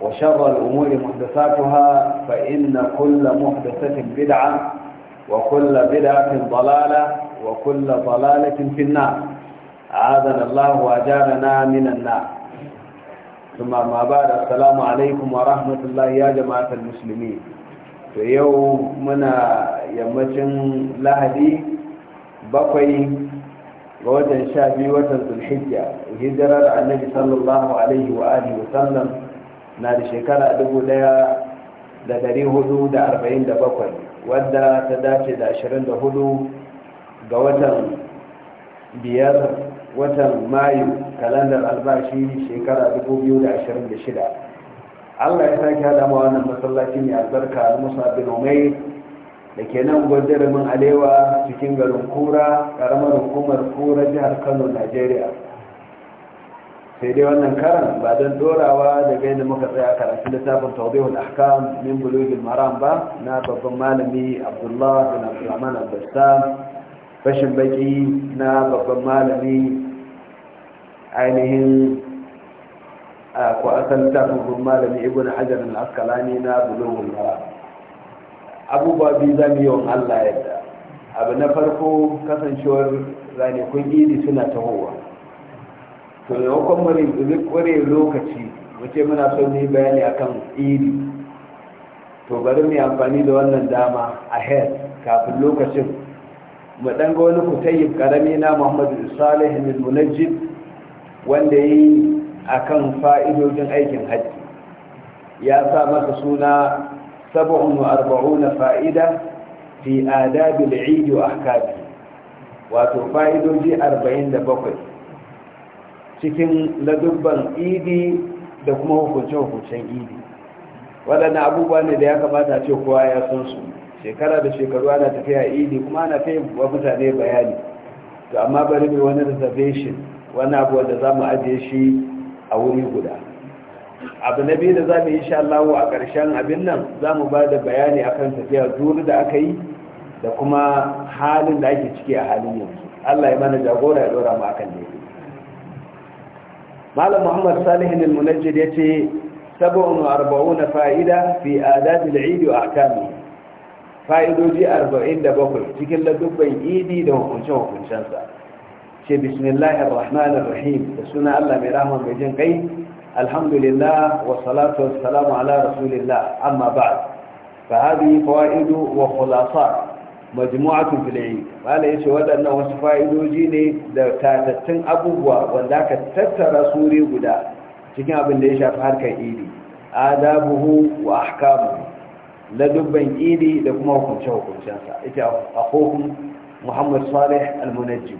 وشر الأمور محدثاتها فإن كل محدثة بدعة وكل بدعة ضلالة وكل ضلالة في النار أعاذنا الله وأجارنا من النار ثم ما بعد السلام عليكم ورحمة الله يا جماعة المسلمين في يومنا يمتن لهدي بقي ga شعبي sha الحجة watan النبي صلى الله عليه وآله وسلم na da shekara bakwai, wadda ta dace da ashirin da hudu ga watan biyar watan mayu kalandar albashi shekara shida. allah ya sake hada ma wannan masallaci mai albarka musa bin umai da ke nan gwajirumin alewa cikin garin kura karamar hukumar kura jihar kano nigeria sai dai wannan karan ba don dorawa daga yadda muka tsaya karatun littafin tawbihul ahkam min bulugil maram ba na babban malami abdullah bin abdulrahman al-bassam fashin baki na babban malami ainihin ko asal littafin babban malami ibn hajar al-askalani na bulugil maram abubuwa biyu za mu yi allah yadda abu na farko kasancewar ranakun idi suna tahowa to da wakon mare zuri kware lokaci wace muna son yi bayani akan iri to bari muyi amfani da wannan dama a head kafin lokacin mu ɗanga wani kutayyib karami na Muhammadu Salih bin Munajjid wanda yi akan fa'idojin aikin hajji ya sa masa suna 47 fa'ida fi adabil eid wa ahkabi wato fa'idoji 47 cikin ladubban idi da kuma hukunce-hukuncen idi waɗanda abubuwa ne da ya kamata ce kowa ya san su shekara da shekaru ana tafiya idi kuma ana kai wa mutane bayani to amma bari mai wani reservation wani abu da za mu ajiye shi a wuri guda abu na biyu da za mu yi sha a ƙarshen abin nan za mu ba da bayani akan tafiya duru da aka yi da kuma halin da ake ciki a halin yanzu Allah ya mana jagora ya dora mu akan ne مالا محمد صالح المنجد يتي سبع واربعون فائدة في آداب العيد وأحكامه فائدة جي أربعين دبقل تكن لدبا إيدي دون خنشان وخنشان شي بسم الله الرحمن الرحيم بسنا الله مرحمة بجن قيد الحمد لله والصلاة والسلام على رسول الله أما بعد فهذه فوائد وخلاصات majmu'atun filayi wala yace waɗannan wasu fa'idoji ne da tatattun abubuwa wanda aka tattara suri guda cikin abin da ya shafi harkar idi adabuhu wa ahkamuhu dubban idi da kuma hukunce sa. ita akhukum muhammad salih al-munajjim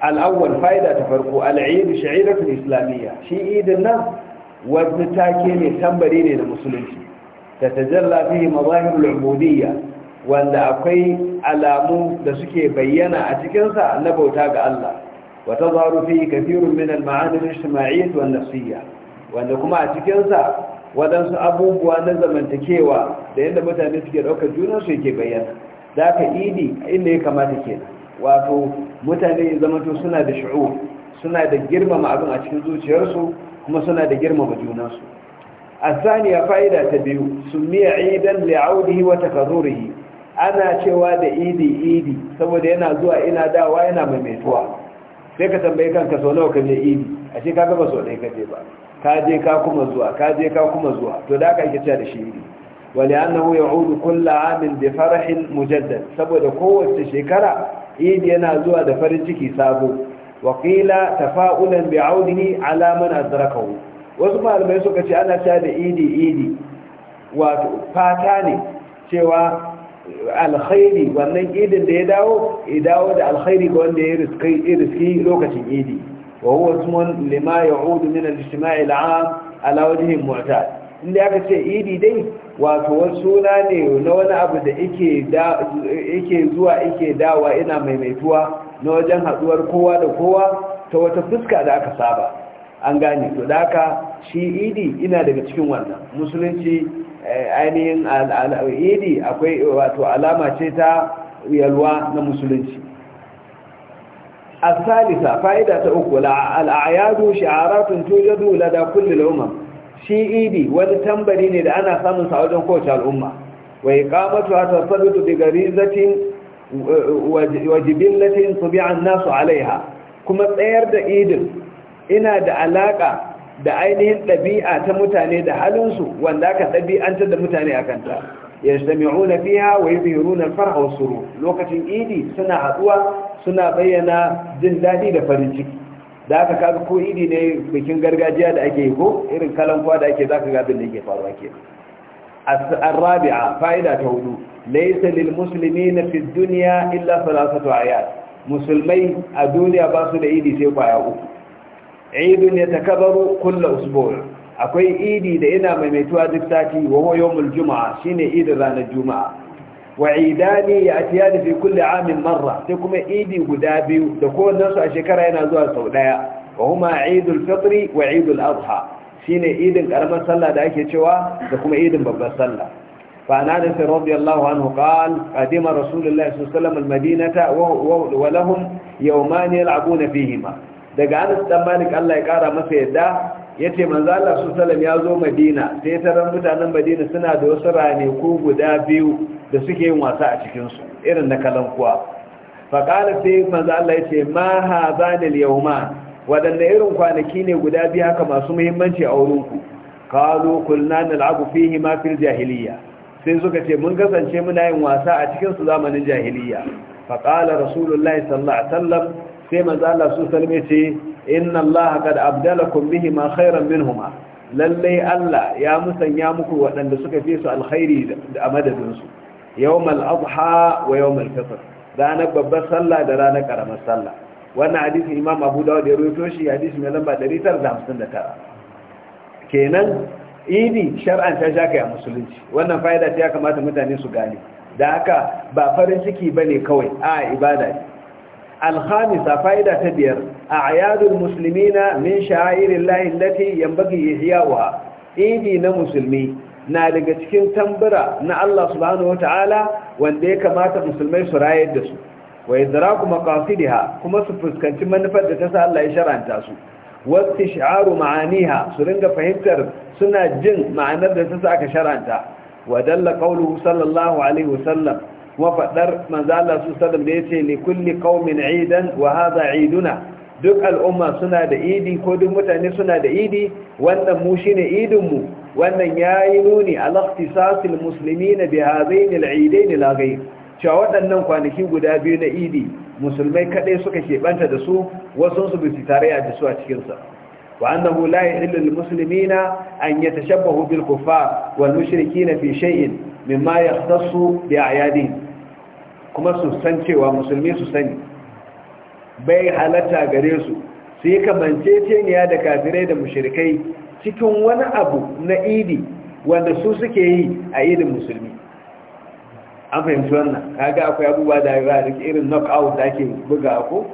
al-awwal fa'ida ta farko al-eid sha'iratu islamiyya shi idin nan wani take ne tambari ne da musulunci tatajalla fihi mazahirul ubudiyya wanda akwai alamu da suke bayyana a cikinsa na bauta ga Allah wata zaru fi kafirun min al-ma'anin wa wanda kuma a cikinsa wadansu abubuwa na zamantakewa da yadda mutane suke daukar junan su yake bayyana zaka idi inda ya kamata kenan wato mutane zamanto suna da shi'u suna da girmama abin a cikin zuciyarsu kuma suna da girmama junansu fa'ida biyu, su miya idan عيدا لعوده وتكرره ana cewa da idi idi saboda yana zuwa ina dawa yana maimaituwa sai ka tambaye kanka sau nawa ka je idi a ce ka gaba sau ɗaya ka ba ka je ka kuma zuwa ka je ka kuma zuwa to da aka ake da shi idi wani annahu ya hudu kulla amin da farahin mujaddad saboda kowace shekara idi yana zuwa da farin ciki sabo wakila tafa'ulan bi audihi ala man adrakahu wasu malamai suka ce ana cewa da idi idi wato fata ne cewa alkhairi wannan idin da ya dawo ya dawo da alkhairi ga wanda ya riski lokacin idi wa huwa ismun lima ya'udu min al-ijtima'i al-'am ala wajhi mu'tad inda aka ce idi dai wato wasu suna ne na wani abu da yake zuwa yake dawa ina maimaituwa na wajen haduwar kowa da kowa ta wata fuska da aka saba an gane to da haka shi idi ina daga cikin wannan musulunci ainihin al'adi akwai wato alama ce ta yalwa na musulunci asalisa fa'ida ta uku al'ayadu shi'aratun tujadu lada kulli al'umma shi idi wani tambari ne da ana samun sa wajen kowace al'umma wai kamatu a tattalin daga rizatin wajibin latin su bi'an nasu alaiha kuma tsayar da idin ina da alaƙa. da ainihin ɗabi'a ta mutane da halinsu wanda aka ɗabi'antar da mutane a kanta ya jami'u na fiya wa yi bihiru na farha lokacin idi suna haɗuwa suna bayyana jin daɗi da farin ciki da aka kaga ko idi ne bikin gargajiya da ake yi ko irin kalan da ake zaka ga abin da yake faruwa ke musulmi na fi duniya illa في الدنيا إلا ثلاثة آيات مسلمي الدنيا da idi sai kwaya uku. idun takabaru kulle usbu' akwai idi da yana maimaituwa duk sati wa huwa yawmul shine idin ranar juma'a wa idani ya'tiyani fi kulli 'amin marra sai kuma idi guda biyu da kowannensu a shekara yana zuwa sau daya wa huma idul fitri wa idul adha shine idin karamar sallah da ake cewa da kuma idin babbar sallah فعن انس رضي الله عنه قال قدم رسول الله صلى الله عليه وسلم المدينه ولهم يومان يلعبون فيهما daga anas dan malik Allah ya kara masa yadda yace manzo Allah su ya zo madina sai taron mutanen madina suna da wasu rane ko guda biyu da suke yin wasa a cikin su irin na kalankuwa fa qala sai manzo Allah yace ma hadhal yawma wadanne irin kwanaki ne guda biyu haka masu muhimmanci a wurin ku qalu kulna nal'abu fihi ma fil jahiliya sai suka ce mun kasance muna yin wasa a cikin su zamanin jahiliya fa qala rasulullahi sallallahu alaihi wasallam sai manzo Allah su salme ce inna Allah qad abdalakum ma khairan minhuma lalle Allah ya musanya muku waɗanda suka fi su alkhairi a madadin su yawmal adha wa yawmal fitr ranar babbar sallah da ranar karamar sallah wannan hadisi imam abu dawud ya rawaito shi hadisi mai lamba 959 kenan idi shar'an ta shaka ya musulunci wannan fa'ida ta ya kamata mutane su gane da haka ba farin ciki bane kawai a ibada ne الخامسة فائدة تبير أعياد المسلمين من min الله التي ينبغي إحياؤها إيدي idi na musulmi, na daga cikin tambura na Allah subhanahu wata'ala wanda ya kamata musulmai su rayar da su wa yadraku kuma su fuskanci manufar da ta sa Allah ya sharanta su wasu shi'aru ma'aniha su ringa fahimtar suna jin ma'anar da ta sa aka sharanta wa dalla qawluhu sallallahu alaihi wasallam kuma faɗar su sallam da yace li kulli kaumin idan wa hadha iduna duk al'umma suna da idi ko duk mutane suna da idi wannan mu shine idin mu wannan yayi nuni ala ikhtisasil muslimin bi hadain al'idain la ghayr cewa waɗannan kwanaki guda biyu na idi musulmai kaɗai suka keɓanta da su wasu su bi tare a su a cikinsa وأنه لا يحل للمسلمين أن يتشبهوا بالكفار والمشركين في شيء مما يختص بأعيادهم kuma su san cewa musulmi su sani bai halatta gare su su yi kamanceceniya da kafirai da mushirikai cikin wani abu na idi wanda su suke yi a idin musulmi an fahimci wannan kaga akwai abubuwa da ya da irin knockout da ake buga ko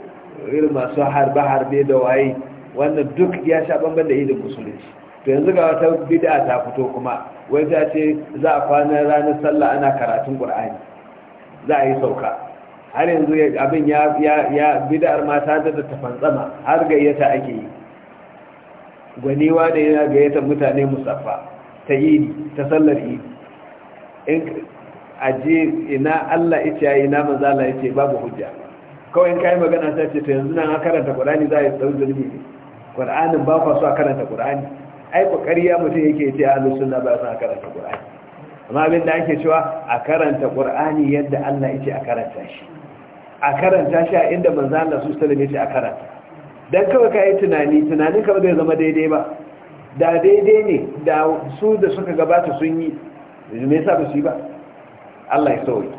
irin masu harbe-harbe da waye wannan duk ya sha banban da idin musulunci to yanzu ga wata bid'a ta fito kuma wai ta ce za a kwana ranar sallah ana karatun qur'ani za a yi sauka har yanzu abin ya ya bid'ar ma ta da ta fantsama har gayyata ake yi gwaniwa da yana gayyatar mutane musaffa ta yi ta sallar yi in aje ina Allah yace ina manzo Allah yace babu hujja kawai in kai magana ta ce to yanzu nan an karanta Qur'ani za a yi tsawon ne Qur'anin ba kwa so a karanta Qur'ani ai kokari ya mutum yake yace ahlus sunna ba sa karanta Qur'ani amma abin da ake cewa a karanta ƙur'ani yadda Allah ce a karanta shi a karanta shi a inda manzo Allah su ya ce a karanta dan kawai kai tunani tunanin kawai bai zama daidai ba da daidai ne da su da suka gabata sun yi me yasa ba su yi ba Allah ya sauke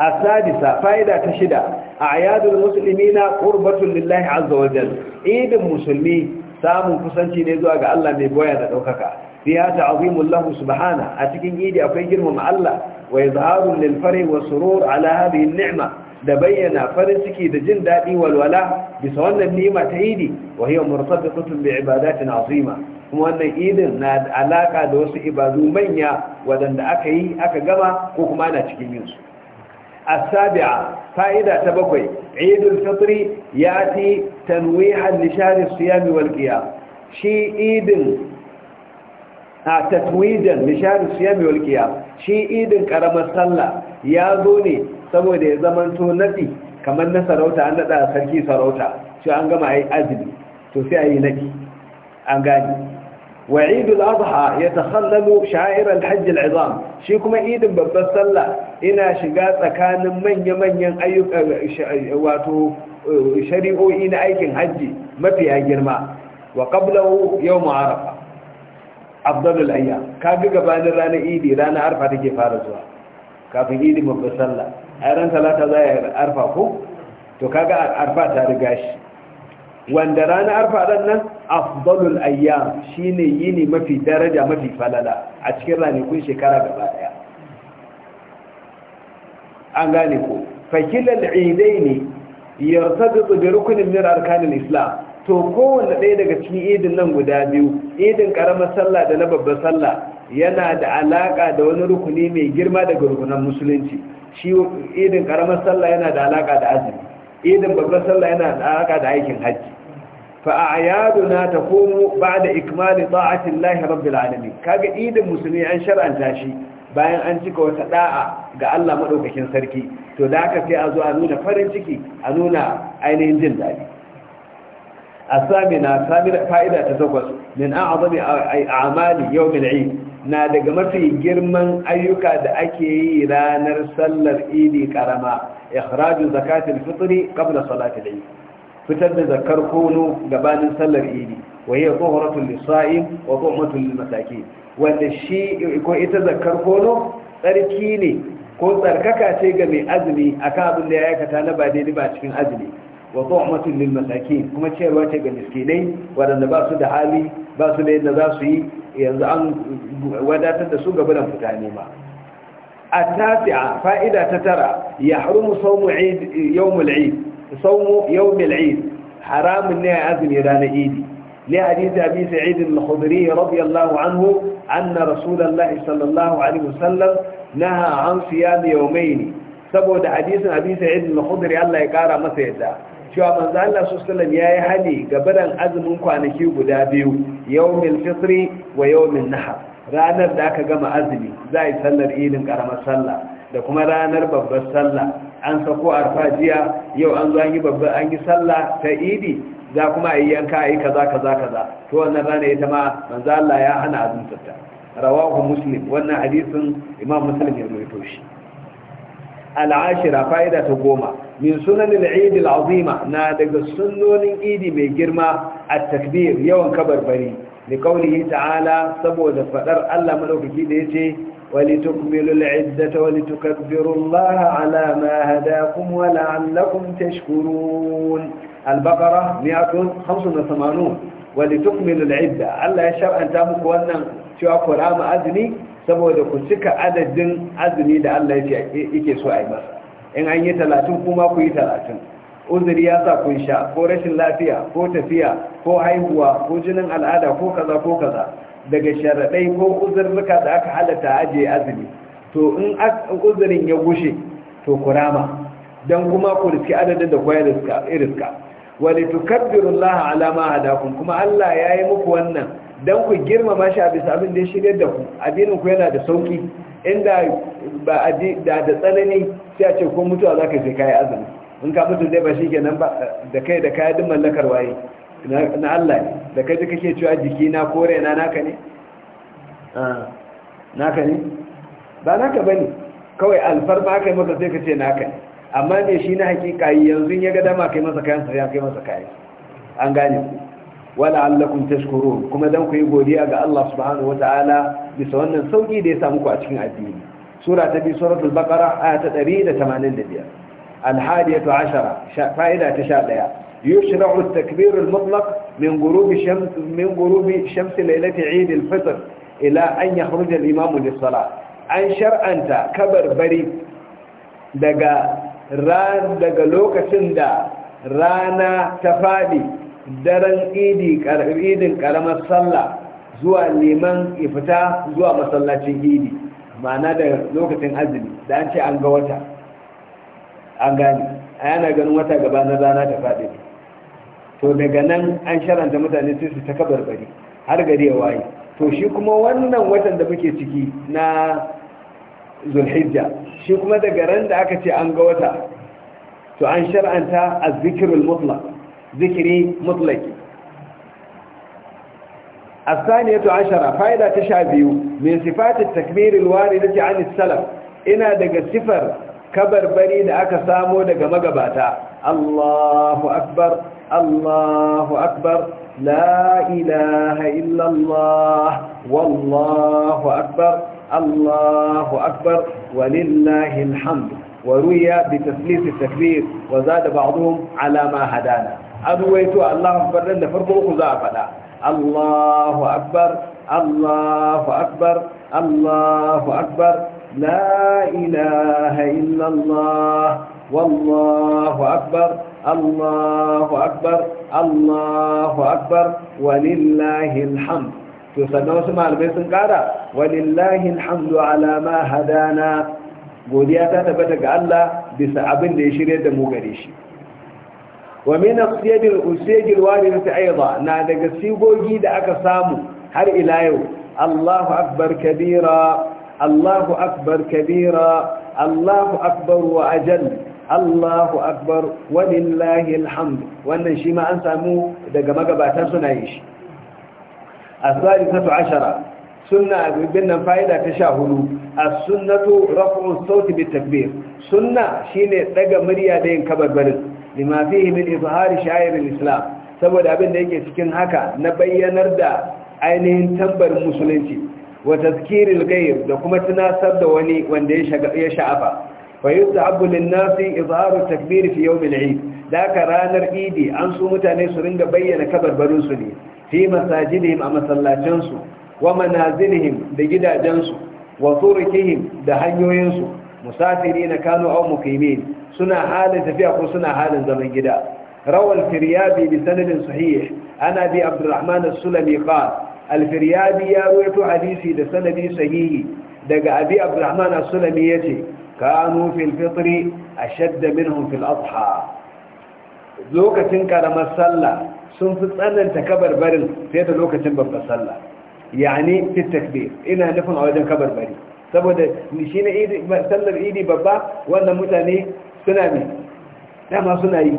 السادسة فائدة تشدة أعياد المسلمين قربة لله عز وجل ne المسلمين ga Allah mai الله da دوكك Siyasa ta'zimul lahu subhana a cikin idi akwai girmama Allah wa izharun lil wa surur ala hadhihi ni'ma da bayyana farin ciki da jin dadi walwala bisa wannan ni'ima ta idi wa hiya murtabitatun bi ibadatin azima kuma wannan idin na alaka da wasu ibadu manya wadanda aka yi aka gama ko kuma ana cikin yin su ta bakwai, تبقي عيد الفطر يأتي tanwihar لشهر الصيام والقيام shi idin. a tatwidan nishar siyami walƙiya shi idin karamar sallah ya zo ne saboda ya zamanto nadi kamar na sarauta an naɗa sarki sarauta shi an gama a yi to sai a yi an gani wa idul adha ya takhallalu sha'irar hajjil izam shi kuma idin babbar sallah ina shiga tsakanin manya-manyan ayyuka eh, wato eh, shari'o'i na aikin hajji mafiya girma wa qablahu yawm arafa afdalul ka kaga gabanin ranar idi ranar arfa take fara zuwa kafin idi babbar sallah a ran talata za a arfa ko to kaga arfa ta riga shi wanda ranar arfa ɗan nan afdalul ayyam shine yini mafi daraja mafi falala a cikin ranakun shekara gaba daya an gane ko fakilal idai ne yartadu rukunin min arkanil islam to kowanne ɗaya daga cikin idin nan guda biyu idin ƙaramar sallah da na babbar sallah yana da alaƙa da wani rukuni mai girma daga rukunan musulunci shi idin ƙaramar sallah yana da alaƙa da azumi idin babbar sallah yana da alaƙa da aikin hajji fa a'yaduna ba da ikmali ta'ati llahi rabbil alamin kaga idin musulmi an shar'anta shi bayan an cika wata da'a ga Allah madaukakin sarki to da aka sai a zo a nuna farin ciki a nuna ainihin jin daɗi asamina fa'ida ta takwas min azami a'mali yau eid na daga mafi girman ayyuka da ake yi ranar sallar idi karama ikhraju zakatul fitri qabla salatil fitar da zakar kono gabanin sallar idi wa hiya tuhratul lisa'im wa tuhmatul lil wanda shi ko ita zakar kono tsarki ne ko tsarkaka ce ga mai azumi akan abin da ya aikata na ba daidai ba cikin azumi wa tsohmatin lilmasaki kuma ciyarwa ce ga miskinai waɗanda ba su da hali ba su da yadda za su yi yanzu da su gabanin fita nema a tafiya fa’ida ta tara ya haru musamman yau mul'i musamman yau haramun ne a azumi ranar idi ne a yi zabi sa idin mahudari ya yallahu an hu rasulallah sallallahu alaihi wasallam na an siya da ne saboda hadisin abin sa idin allah ya kara masa yadda cewa manzo Allah sallallahu ya yi hali gabaran azumin kwanaki guda biyu yawmin fitri wa yawmin nahar ranar da aka gama azumi za yi sallar ilin karamar sallah da kuma ranar babbar sallah an sako arfajiya yau an zo an yi babbar an yi sallah ta idi za kuma yi yanka ayi kaza kaza kaza to wannan rana ita ma manzo Allah ya hana azumta rawahu muslim wannan hadisin imam muslim ya rawaito shi al'ashira fa'ida ta goma min sunan al'id al'azima na daga sunnonin idi mai girma a takbir yawan kabarbari da kaunihi ta'ala saboda fadar Allah malaukaki da yace wali tukmilu al'iddata wali tukabbiru Allah ala ma hadakum wa la'allakum tashkurun al-baqara 185 wali tukmilu al'idda Allah ya shar'anta muku wannan cewa ku rama azumi saboda ku cika adadin azumi da Allah yake so a yi masa in an yi talatin kuma ku yi talatin uzuri ya sa kun sha ko rashin lafiya ko tafiya ko haihuwa ko jinin al'ada ko kaza ko kaza daga sharaɗai ko uzurruka da aka halatta ajiye azumi to in uzurin ya gushe to kurama don kuma ku riski adadin da kwaya riska wani tukabbirun laha alama hadakun kuma Allah ya yi muku wannan don ku girmama shi a bisa abin da ya shirya da ku abinin ku yana da sauki inda da da tsanani sai a ce ko mutuwa za ka sai kayi azumi in ka mutu zai ba shi kenan ba da kai da kayan mallakar waye na Allah ne da kai da kake cewa jiki na kore na naka ne ah, naka ne ba naka bane kawai alfarma kai maka sai ka ce naka ne amma ne shi na hakika yanzu ya ga dama kai masa kayan sa kai masa kayan an gane ku allakum tashkurun kuma dan ku yi godiya ga Allah subhanahu wataala bisa wannan sauki da ya samu ku a cikin addini sura ta biyu suratul baqara aya ta 185 al-hadiyatu ashara fa'ida ta 11 yushra'u at-takbir al-mutlaq min ghurubi shams min ghurubi shams laylati 'id al-fitr ila an yakhruja al-imam lis-salah an shar'anta kabarbari daga ran daga lokacin da rana ta fadi daren idin karamar sallah zuwa liman ifita zuwa masallacin idi ma'ana da lokacin azumi da an ce an ga wata an gani. a yana ganin wata gaba na rana ta faɗi to daga nan an sharanta mutane sai su ta kabar har gari ya waye to shi kuma wannan watan da muke ciki na zulhijja shi kuma daga ran da aka ce an ga wata to an shar'anta azzikirul mutlaq zikiri mutlaki الثانية عشرة فائدة تشابه من صفات التكبير الواردة عن السلف إنا دقى السفر كبر بريد أكسامو دق مقباتا الله أكبر الله أكبر لا إله إلا الله والله أكبر الله أكبر ولله الحمد وروي بتسليس التكبير وزاد بعضهم على ما هدانا أدويت الله أكبر لنا فرضوا خذا الله أكبر الله أكبر الله أكبر لا إله إلا الله والله أكبر الله أكبر الله أكبر ولله الحمد تسنى وسمع البيت قال ولله الحمد على ما هدانا godiya ta tabbata ga Allah bisa abin da ya shirya da mu gare shi wa min asyabil usajil warinta aiza na daga sigogi da aka samu har ila yau Allahu akbar kabira Allahu akbar kabira Allahu akbar wa ajal Allahu akbar walillahi alhamd wannan shi ma an samu daga magabatan suna yi shi Asali salisatu ashara sunna bin nan fa'ida ta sha hudu as-sunnatu raf'u as bi takbir sunna shine daga murya da yin kabarbarin lima fihi min izhari sha'irin islam saboda abin da yake cikin haka na bayyanar da ainihin tambar musulunci wa tazkiril ghayr da kuma tunasar da wani wanda ya sha'afa fa yustahabbu lin-nasi izharu takbir fi yawm al-eid daka ranar idi an so mutane su ringa bayyana kabarbarin su ne fi masajidihim a masallacansu wa manazilihim da gidajensu wa turukihim da hanyoyinsu musafiri na Kano au mukimin suna halin tafiya ko suna halin zaman gida rawal firyabi bi sanadin sahih ana bi abdurrahman as-sulami qala al-firyabi ya rawaito hadisi da sanadi sahihi daga abi abdurrahman as-sulami yace kanu fil fitri ashadda minhum fil adha lokacin karamar sallah sun fi tsananta kabarbarin fiye da lokacin babbar sallah yani fi takbir ina nufin a wajen kabarbari saboda shi ne sallar idi babba wannan mutane suna ne dama suna yi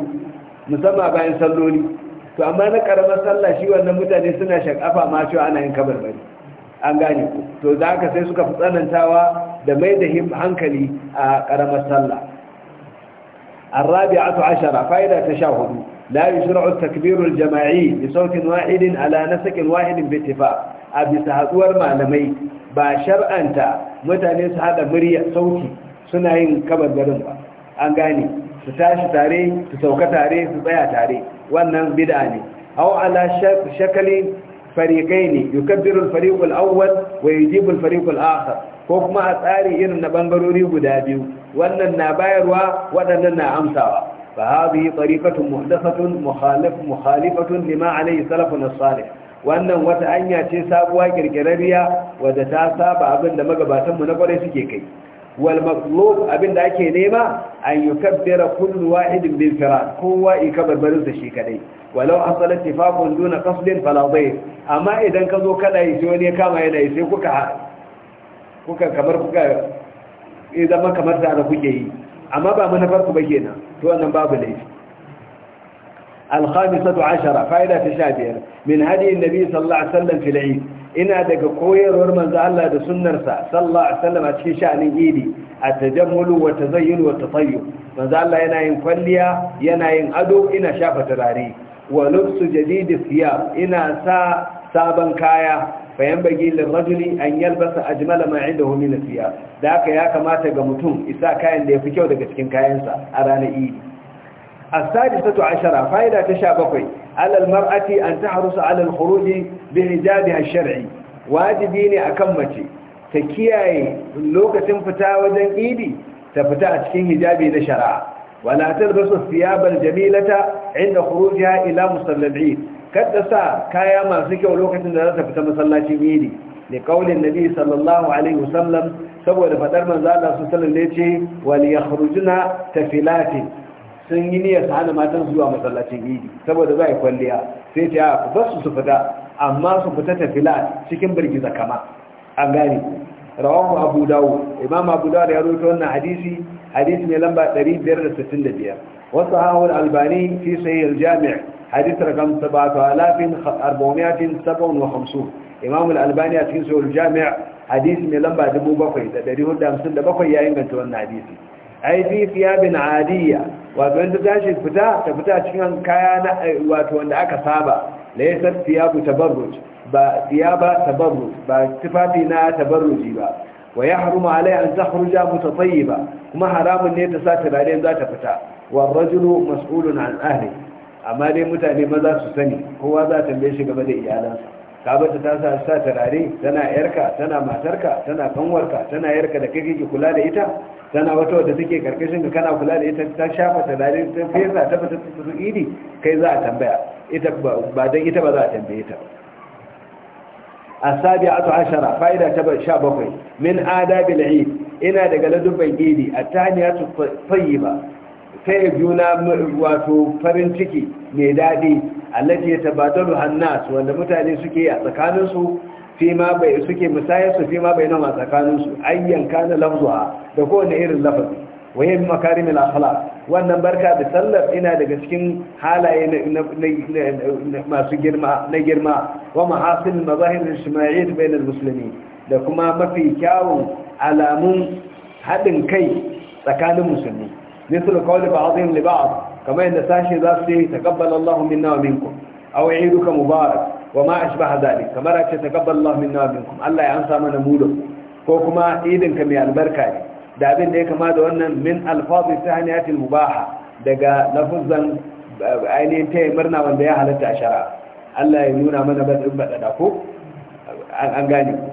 musamman bayan salloli to amma na karamar sallah shi wannan mutane suna shakafa ma cewa ana yin bari an gane ku to za ka sai suka fi tsanantawa da mai da hankali a karamar sallah الرابعة عشرة sha تشاهدوا لا يشرع التكبير الجماعي بصوت واحد على نسك واحد باتفاق أبي سهدور معلمي باشر أنت متانيس هذا مريع صوتي سنعين كبر جرمبا أنقاني ستاش تاري تسوك تاري تطيع تاري وأنه بدأني أو على شكل فريقين يكبر الفريق الأول ويجيب الفريق الآخر ko kuma a tsari irin na bangarori guda biyu wannan na bayarwa waɗannan na amsawa فهذه طريقة محدثة مخالف مخالفة لما عليه سلفنا الصالح wannan wata hanya ce sabuwa kirkirariya wadda ta saba abin da magabatanmu na kwarai suke kai wal maqlub abin da ake nema an yukabbira kullu wahidin bil firad kowa ikabbarin sa shi kadai walau asalat tifaqun duna qasdin fala dayf amma idan ka zo kada yi sai wani kama yana yi sai kuka kuka kamar kuka idan kamar da kuke yi amma ba manufar ba ke nan to babu laifi. alhamisatu ashara fa'ida ta sha biyar min hadiyin nabi sallallahu alaihi wasallam fil eid ina daga koyarwar manzo da sunnarsa sallallahu alaihi a cikin sha'anin eid A tajammulu wa zai wa tatayyun manzo Allah yana yin kwalliya yana yin ado ina shafa turare wa lubsu jadid thiyab ina sa sabon kaya fayambagi lirajuli an yalbasa ajmala ma indahu min athiyab da haka ya kamata ga mutum isa kayan da yafi kyau daga cikin kayansa a ranar idi as-sadisatu 'ashara fa'ida ta 17 alal mar'ati an tahrusu 'ala al-khuruj bi hijabiha ash-shar'i wajibi ne akan mace ta kiyaye lokacin fita wajen idi ta fita a cikin hijabi na shar'a wala talbasu siyabar jamilata 'inda khurujiha ila musallal kada sa kaya masu kyau lokacin da za ta fita masallacin yini da kaulin nabi sallallahu alaihi wasallam saboda fadar manzo Allah su sallallahu alaihi ce wal yakhrujuna tafilati sun yi niyyar su hana matan zuwa masallacin yini saboda za a yi kwalliya sai ta a basu su fita amma su fita tafilat cikin birgiza kama an gane rawahu abu dawud imam abu dawud ya rawaito wannan hadisi hadisi ne lamba 565 wasu hawar albani fi sahih al حديث رقم 7457 امام الالباني في سو الجامع حديث من لمبا 7457 يا انغنت wannan hadisi ai fi fiabin adiya wa banda tashi fita ta fita cikin kaya na wato wanda aka saba laysa fiabu tabarruj ba fiaba tabarruj ba tifati na tabarruji ba wa yahrumu alai an takhruja mutatayyiba kuma haramun ne ta sa tabarin za ta fita wa ar-rajulu mas'ulun an ahlihi amma dai mutane maza su sani kowa za ta tambaye shi game da iyalansa ka bata ta sa sa tarare tana yarka tana matarka tana kanwarka tana yarka da kake ki kula da ita tana wata wadda take karkashin ka kana kula da ita ta shafa tarare ta fesa ta fita ta su idi kai za a tambaya ita ba dan ita ba za a tambaye ta السابعة عشرة فائدة تبقى شابقي من آداب العيد إنا دقل دبا الإيدي التانية fayyiba. taya juna wato farin ciki mai daɗi allati ya tabatalu hannas wanda mutane suke a tsakaninsu suke musayarsu fi ma bai nama tsakaninsu ayyan kanin lafzuwa da kowane irin lafazi waye makarimil lafala? wannan barka da sallar ina daga cikin halaye masu girma na girma wa mahasin mazahir ijtima'iyya bainal musulmi. da kuma mafi kyawun alamun haɗin kai tsakanin musulmi مثل قول بعضهم لبعض كما إن ساشي ذاتي تقبل الله منا ومنكم أو عيدك مبارك وما أشبه ذلك كما رأيك تقبل الله منا ومنكم الله ينسى من موله كوكما عيدك من البركة da abin da ya kama da wannan min alfazi sahaniyatil mubaha daga lafuzan ainihin taya murna wanda ya halatta a shari'a Allah ya nuna mana ba ko an gane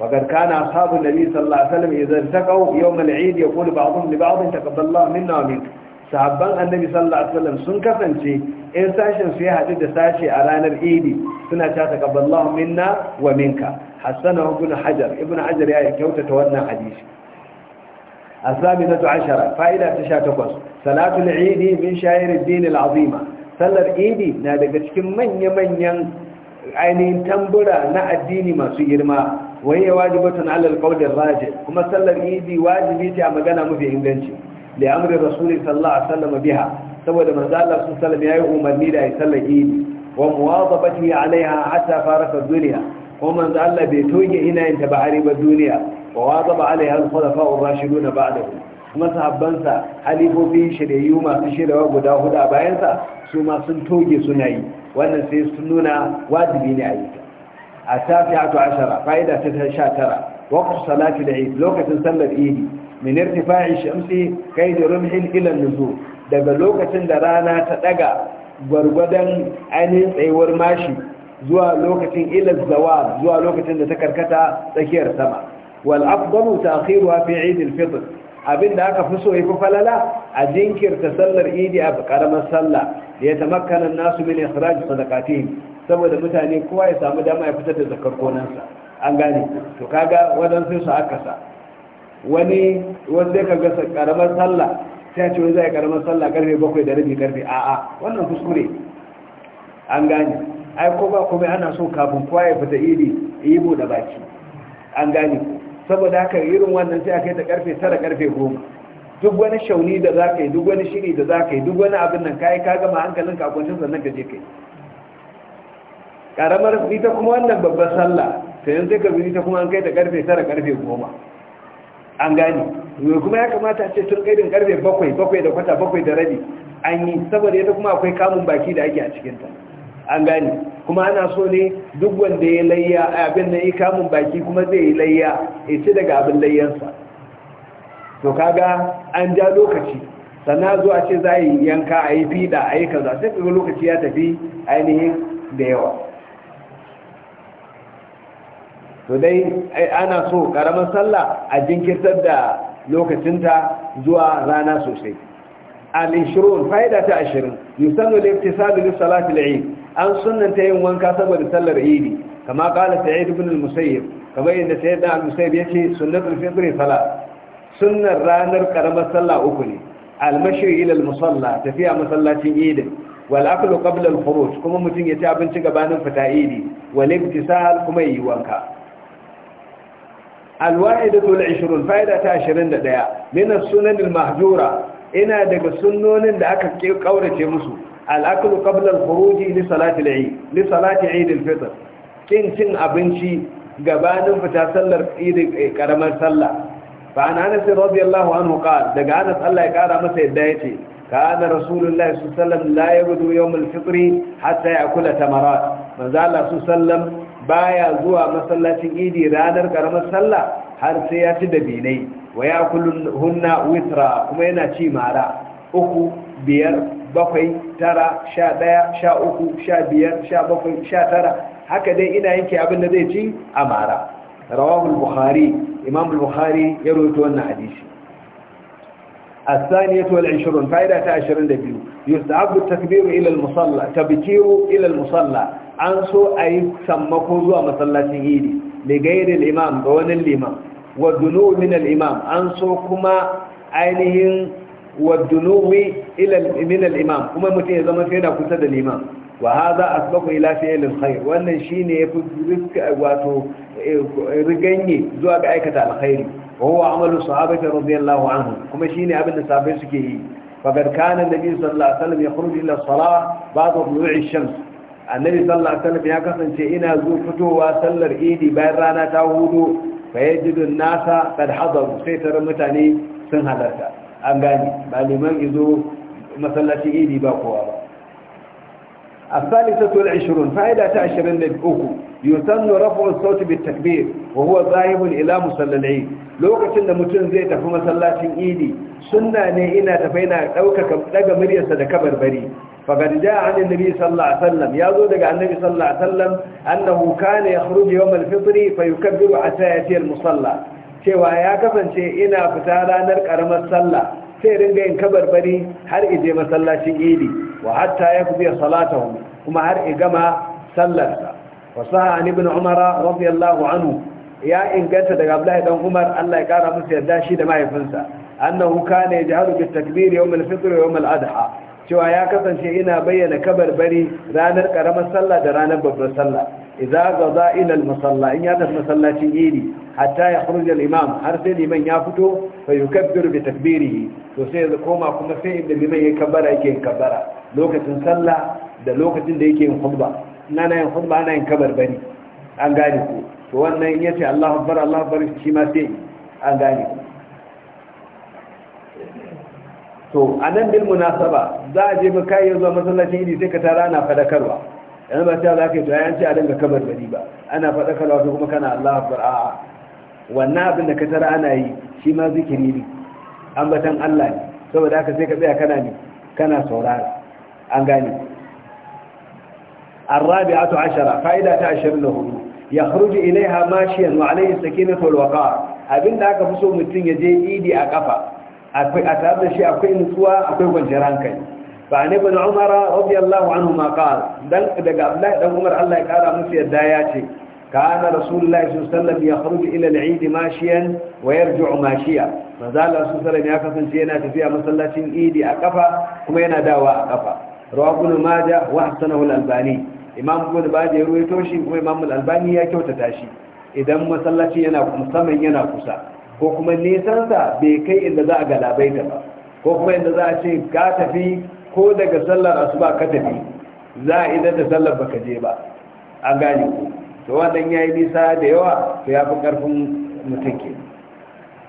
وقد كان أصحاب النبي صلى الله عليه وسلم إذا التقوا يوم العيد يقول بعضهم لبعض تقبل الله منا ومنك sahabban annabi sallallahu alaihi wasallam sun kasance in sashin su ya hadu da sashi a ranar idi suna ta taqabbalallahu minna wa minka hasana ibn hajar ibn hajar ya kyautata wannan hadisi as-saminatu ashara fa'ida ta 18 salatul idi min sha'ir ad-din al-azima sallar idi na daga cikin manya-manyan ainihin tambura na addini masu girma waye wajibatun alal qawli raji kuma sallar idi wajibi ce a magana mafi inganci da amri rasulullahi sallallahu alaihi wasallam biha saboda manzo Allah sun sallama yayi umarni da ya sallar idi wa muwadabati alaiha hatta faraka dunya kuma manzo Allah bai toge ina yin tabari ba duniya wa wadaba alaiha al-khulafa ar-rashidun ba'dahu kuma sahabbansa halifofi shirayu masu shirawa guda huda bayansa su ma sun toge suna yi wannan sai sun nuna wajibi ne a yi التاسعة عشرة فائدة تتشاترة وقت صلاة العيد لوكة صلى الإيد من ارتفاع الشمس كيد رمح إلى النزول دقى لوكة درانا تتقى gwargwadon ainihin tsayuwar mashi zuwa lokacin ilar zawa zuwa lokacin da ta karkata tsakiyar sama wal afdalu ta'khiruha fi eid al abinda aka fi so yafi falala a jinkirta sallar idi a karamar sallah ya tamakkana nasu min ikhraj sadaqatihim saboda mutane kowa ya samu dama ya fitar da zakar gonansa an gane to kaga sai su aka sa wani wanda ka ga karamar sallah sai ce wani zai karamar sallah karfe bakwai da rabi karfe a'a wannan kuskure an gane ai ko ba kuma ana so kafin kowa ya fita iri ibo da baki an gane saboda haka irin wannan sai aka yi ta karfe tara karfe goma duk wani shauni da za ka yi duk wani shiri da za ka yi duk wani abin nan kayi ka gama hankalin ka kwancin sannan ka je kai karamar ita kuma wannan babban sallah ta yanzu ka bi ita kuma an kai ta karfe tara karfe goma an gani Me kuma ya kamata a ce tun kaidin karfe bakwai bakwai da kwata bakwai da rabi an yi saboda ita kuma akwai kamun baki da ake a cikinta an gani kuma ana so ne duk wanda ya layya abin da ya kamun baki kuma zai yi layya ya ci daga abin layyansa to kaga an ja lokaci sannan a ce za a yi yanka a yi fiɗa a yi kaza sai kaga lokaci ya tafi ainihin da yawa to dai ana so karamar sallah a jinkirtar da lokacinta zuwa rana sosai al-ishrun fa'ida ta 20 yusannu liftisalu li salati al-eid an sunnanta yin wanka saboda sallar eid kama qala sa'id ibn al-musayyib kamar yadda sa'id al-musayyib yace sunnatul fitr sunnar ranar karamar sallah uku ne al-mashri ila al-musalla tafiya masallacin eid wal'aklu qabla al-khuruj kuma mutun ya ci abinci gabanin fita idi wal iktisal kuma yi wanka alwa'idatu al-20 fa'ida ta 21 min as-sunan al-mahjura ina daga sunnonin da aka kaurace musu al-aklu qabla al-khuruj li salati al-eid li salati eid al-fitr kin cin abinci gabanin fita sallar eid karamar eh, sallah fa ana anas radiyallahu anhu qala daga anas Allah ya kara masa yadda yace kana rasulullahi sallallahu alaihi wasallam la yaghdu yawm al-fitr hatta ya'kula tamarat manzo Allah sallallahu baya zuwa masallacin idi ranar karamar sallah har sai ya ci binai wa ya kullun hunna witra kuma yana ci mara uku biyar bakwai tara sha ɗaya sha uku sha biyar sha bakwai sha tara haka dai ina yanke abin da zai ci a mara rawahul bukhari imam bukhari ya rawaito wannan hadisi الثانية والعشرون فائدة عشرين دبيو يستحب التكبير إلى المصلى تبكير إلى المصلى an so a yi sammako zuwa masallacin idi da gairin imam ga wani liman wadunu min al-imam an so kuma ainihin wadunu min al-imam kuma mutum ya zama shaida kusa da liman wa hadha asbaqu ila fi'l al-khair wannan shine fi riska wato eh, riganye zuwa ga aikata alkhairi wa huwa amalu sahabati radiyallahu anhu kuma shine abin da sahabbai suke yi fa kana nabi sallallahu alaihi wasallam yakhruju ila as-salah ba'da tulu'i ash-shams annabi sallallahu alaihi wasallam ya kasance ina zo fitowa sallar idi bayan rana ta hudu fa yajidu nasa qad hadaru sai tare mutane sun halarta an gani ba liman izo masallaci idi ba kowa ba الثالثة والعشرون فائدة عشرين للأكو يسن رفع الصوت بالتكبير وهو ذاهب إلى مصلى العيد لو كنت في مصلاة إيدي sunna ne ina tafai na ɗaukaka ɗaga muryarsa da kabarbari faƙar ja a hannun nabi sallallahu sallam ya zo daga annabi sallallahu sallam annahu kana ya kuruje yawm al-fitri fa yukabbiru hatta al-musalla cewa ya kasance ina fita ranar karamar sallah sai ringa yin kabarbari har ije masallacin idi wa hatta yakbi salatahu kuma har i gama sallarsa wa sa'a ibn umara radiyallahu anhu ya inganta daga abdullahi dan umar Allah ya kara musu yarda shi da mahaifinsa annahu kana yajharu bit takbir yawm al-fitr wa yawm al-adha cewa ya kasance ina bayyana kabarbari ranar karamar sallah da ranar babbar sallah idza gaza ila al-musalla in ya tafi masallacin idi hatta ya khuruj al-imam har sai liman ya fito fa yukabbiru bi takbirihi to sai ya koma kuma sai inda liman ya kabbara yake kabbara lokacin sallah da lokacin da yake yin khutba nana yin khutba ana yin kabarbari an gane ku to wannan yace Allahu akbar Allahu akbar shi ma sai an gane ku to a nan bil munasaba za a je maka yi zuwa masallacin idi sai ka tara ana fadakarwa yanzu ba cewa za ka yi to ayan ce a dinga kabar gari ba ana fadakarwa to kuma kana Allah akbar a'a wannan abin da ka tara ana yi shi ma zikiri ne ambatan Allah ne saboda haka sai ka tsaya kana ne kana saurara an gane الرابعة عشرة فائدة عشر له يخرج إليها ماشيا وعليه السكينة والوقار abin da aka fi so mutum ya je idi a kafa akwai a tare da shi akwai nutsuwa akwai kwanciyar hankali Ba ne bin umar radiyallahu anhu ma qala dan daga abdullahi dan umar Allah ya kara musu yadda ya ce kana rasulullahi sallallahu alaihi wasallam ila al-eid mashiyan wa yarji'u mashiya manzo sallallahu ya kasance yana tafiya masallacin eid a kafa kuma yana dawa a kafa rawahu maja wa hasanahu al-albani imam ibn baje ya ruwaito shi kuma imam al-albani ya kyautata shi idan masallaci yana musamman yana kusa ko kuma nisansa bai kai inda za a ga galabaita ba ko kuma inda za a ce ka tafi ko daga sallar ba ka tafi za a idan da sallar baka je ba an gane ku to wannan ya yi nisa da yawa to ya fi ƙarfin mutum ke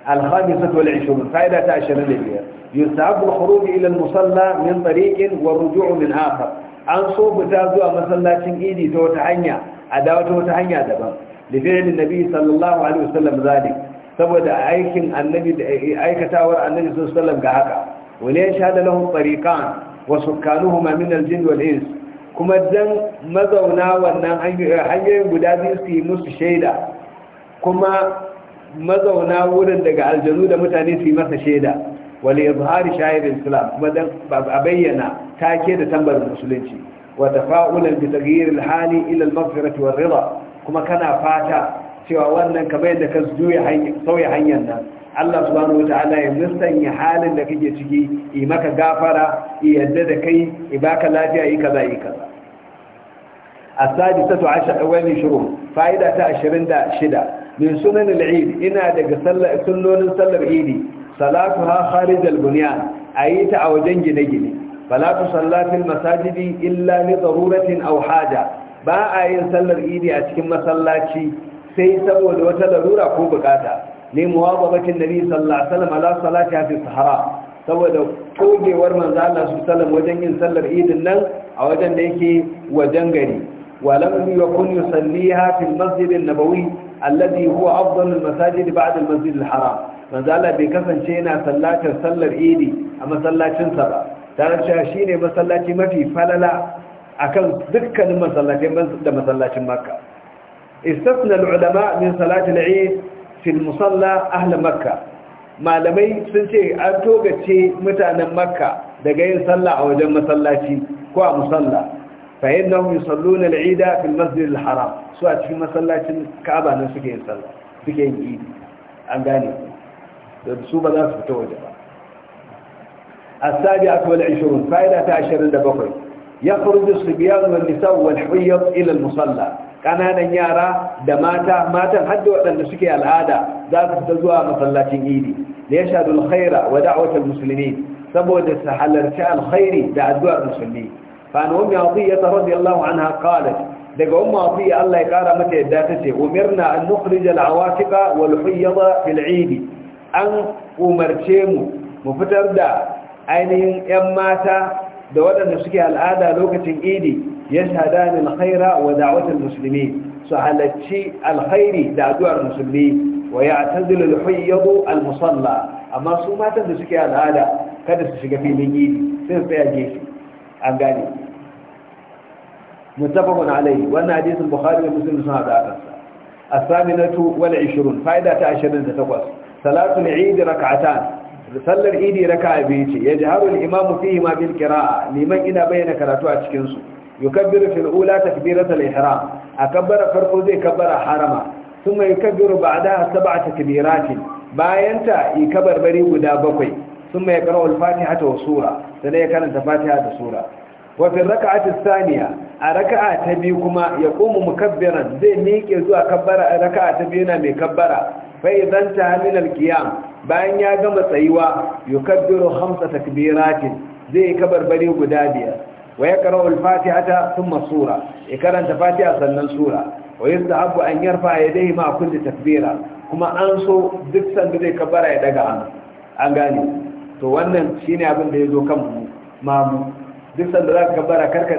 الخامسة والعشرون فائدة عشرين لبيا يستحب الخروج إلى المصلى من طريق والرجوع min آخر an so fita zuwa masallacin idi ta wata hanya a dawo ta wata hanya daban da fi'il nabi sallallahu alaihi wasallam zalik saboda aikin annabi da aikatawar annabi sallallahu ga haka wala yashhadu lahum tariqan wa sukkanuhuma min al-jinn wal kuma zan mazauna wannan hanyoyin guda biyu su yi musu shaida kuma mazauna wurin daga aljanu da mutane su yi masa shaida wale izhari shahidin islam kuma zan a bayyana take da tambarin musulunci wa tafa'ulan bi taghyir al-hali ila al-maghfirati war-ridha kuma kana fata cewa wannan kamar da ka sauya hanyar nan Allah subhanahu wata'ala ya musanya halin da kake ciki yi maka gafara yi yadda da kai yi baka lafiya yi kaza yi kaza السادسة عشر wani شروط fa'ida ta ashirin da shida min sunan al'id ina daga sunnonin sallar idi salatu ha kharij al a ayi ta a wajen gine-gine salatu sallatin masajidi illa ni tsaruratin aw ba a yin sallar idi a cikin masallaci sai saboda wata larura ko bukata ne muwababatin nabi sallallahu alaihi wasallam ala salati fi sahara saboda kogewar manzo Allah su sallam wajen yin sallar idin nan a wajen da yake wajen gari walam yakun yusalliha fil masjid an-nabawi alladhi huwa afdalu al-masajid ba'da al-masjid al-haram manzo Allah bai kasance yana sallatar sallar idi a masallacin sa ba tare shine masallaci mafi falala akan dukkanin masallacin da masallacin Makka istasna ulama min salatul eid fil musalla ahli makka malamai sun ce an togace mutanen makka daga yin sallah a wajen masallaci ko a musalla fa yannahum yusalluna al-eida fil masjid al-haram su a cikin masallacin Ka'aba ne suke yin sallah da السابعة والعشرون فائدة عشرين دبقر يخرج الصبيان والنساء والحيض إلى المصلى ƙananan yara da mata matan hadda waɗanda suke al'ada za su fita zuwa masallacin idi da ya shaɗu alkhaira wa da'awatar musulmi saboda su halarci alkhairi da addu'ar musulmi fa na ummi atiyya ta radiyallahu anha qalat daga ummi atiyya Allah ya kara mata yadda ta ce umirna an nukhrij al-awatiqa wal huyyada fil eid an umarce mu mu fitar da ainihin yan mata da waɗanda suke al'ada lokacin idi yashhadani alkhaira wa da'watul muslimin su halacci alkhairi da addu'ar musulmi wa ya'tazilu alhayyadu almusalla amma su matan da suke al'ada kada su shiga filin yidi sai su tsaya gefe an gane muttafaqun alayhi wannan hadisin bukhari da muslim sun hada kansa الثامنة والعشرون فائدة عشرين تتقص صلاة العيد ركعتان صلى العيد ركع بيتي يجهر الإمام فيهما بالكراءة لمن إنا بين كراتوا أتشكنسو yukabbiru fil ula takbiratul ihram akabbara farko zai kabbara harama thumma yukabbiru ba'daha sab'ata takbiratin bayan ta ikabar bari guda bakwai thumma yaqra'u al-fatihata wa sura sai ya karanta fatiha da sura wa fi rak'ati thaniya a raka'a ta biyu kuma ya qumu mukabbiran zai miƙe zuwa kabbara raka'a ta biyu na mai kabbara fa idan ta min al-qiyam bayan ya gama tsayuwa yukabbiru khamsa takbiratin zai kabarbari guda biyar wa yaqra'u al-fatihata thumma sura ya karanta fatiha sannan sura wa yustahabbu an yarfa yadayhi ma kulli takbira kuma an so duk sanda zai kabara ya daga hannu an gane to wannan shine abin da yazo kan mu mamu duk sanda za ka kabara karka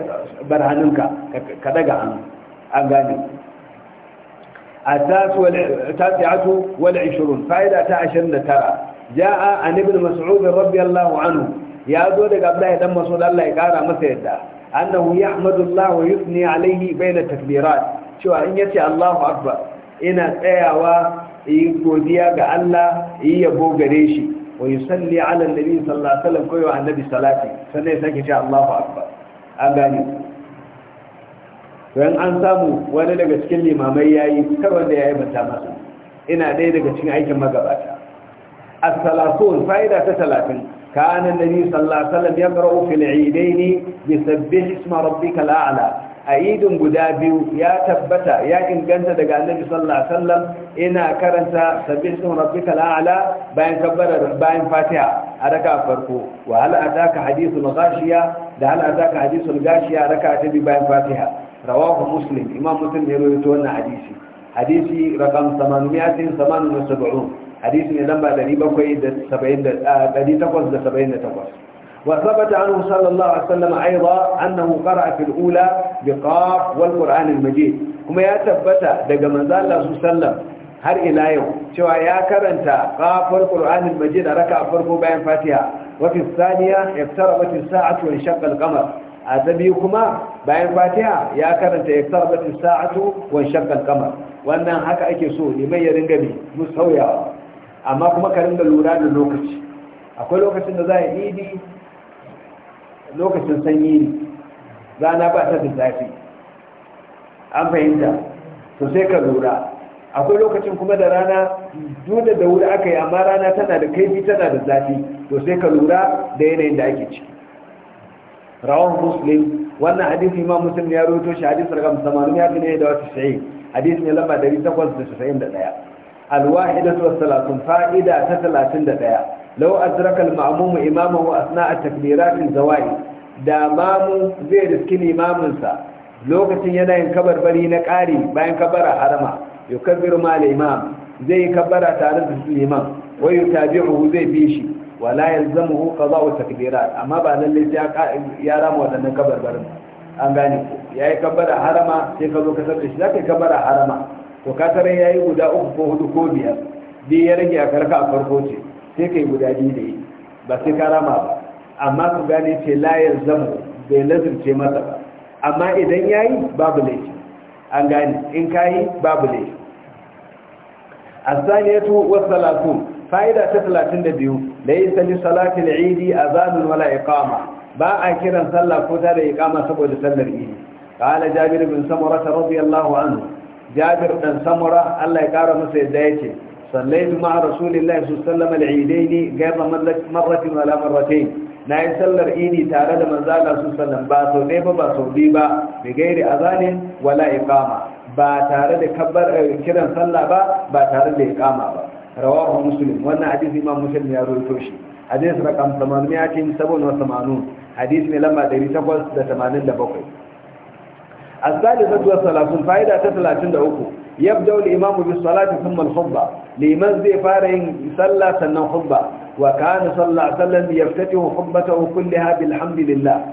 bar hannunka ka daga hannu an gane التاسعة والعشرون فائدة عشر لترى جاء عن ابن مسعود رضي الله عنه ya zo daga Abdullahi dan da Allah ya kara masa yadda annahu yahmadullah wa yusni alayhi bayna takbirat cewa in yace Allahu akbar ina tsayawa yi godiya ga Allah yi yabo gare shi wa yusalli ala annabi sallallahu alaihi wasallam koyo annabi salati sannan sake ce Allahu akbar an gane don an samu wani daga cikin limamai yayi kar wanda yayi bata masa ina ɗaya daga cikin aikin magabata as-salatun fa'ida ta talatin. كان النبي صلى الله عليه وسلم يقرأ في العيدين بسبح اسم ربك الأعلى عيد قدابي يا تبتا يا إن كنت دقاء النبي صلى الله عليه وسلم إنا كرنت سبح اسم ربك الأعلى باين كبر باين فاتحة أركا فرقو وهل أتاك حديث الغاشية ده هل أتاك حديث الغاشية أركا أتبي باين فاتحة رواه مسلم إمام مسلم يروي تونا حديثي حديثي رقم 878 hadisi ne lamba 778 وثبت عنه صلى الله عليه وسلم أيضا أنه قرأ في الأولى بقاف والقرآن المجيد كما يتبت دقى من ذا الله وسلم هر إلى يوم شوى يا كرنت قاف والقرآن المجيد ركع فرقه بين فاتحة وفي الثانية اقتربت الساعة وانشق القمر أتبيكما بين فاتحة يا كرنت اقتربت الساعة وانشق القمر وأنها حكا أكي سوء لمن يرنقبي مستويا amma kuma ka ringa lura da lokaci akwai lokacin da za a idi lokacin sanyi ne rana ba ta da zafi an fahimta to sai ka lura akwai lokacin kuma da rana duda da wuri aka yi amma rana tana da kaifi tana da zafi to sai ka lura da yanayin da ake ciki rawan muslim wannan hadisi imam muslim ya rubuto shi hadisi rakam 80 ya ne da wata shi'i hadisi ne lamba 891 alwahidatu wassalatun fa'ida ta 31 law adraka al-ma'mum imamahu asna at-takbirat al-zawaid da mamu zai riski limamin sa lokacin yana yin kabarbari na ƙari bayan kabara harama yukabbiru ma al-imam zai yi kabbara tare da liman wai yutabi'uhu zai bi shi wala yalzamuhu qada'u takbirat amma ba lalle sai ya rama wadannan kabarbarin an gane ko yayi kabbara harama sai ka zo ka sabbe shi zaka kabbara harama to ka ya yi guda uku ko hudu ko biyar biyu ya rage a karka a farko ce sai ka yi guda biyu da yi ba sai ka rama ba amma su gane ce layar zama bai lazirce masa ba amma idan ya yi babu laifi an gane in ka yi babu laifi asaniyatu salatu fa'ida ta 32 laysa li al eid azanun wala iqama ba a kiran sallah ko ta da iqama saboda sallar eid qala jabir bin samurah radiyallahu anhu jabir dan samura Allah ya kara masa yadda yake sallaitu ma rasulillahi sallallahu alaihi wasallam gaira marratin wala marratayn na yi sallar idi tare da manzala su sallan ba sau ɗaya ba ba sau biyu ba da gairi azanin wala iqama ba tare da kabbar eh, kiran sallah ba ba tare da iqama ba rawahu muslim wannan hadisi imam muslim ya rawaito shi hadisi rakam 887 hadisi ne lamba 887 الثالثة والثلاثون فائدة تثلاثين دعوكو يبدأ الإمام بالصلاة ثم الخطبة لمن ذي فارين صلى سنة خطبة وكان صلى الله عليه وسلم يفتتح خطبته كلها بالحمد لله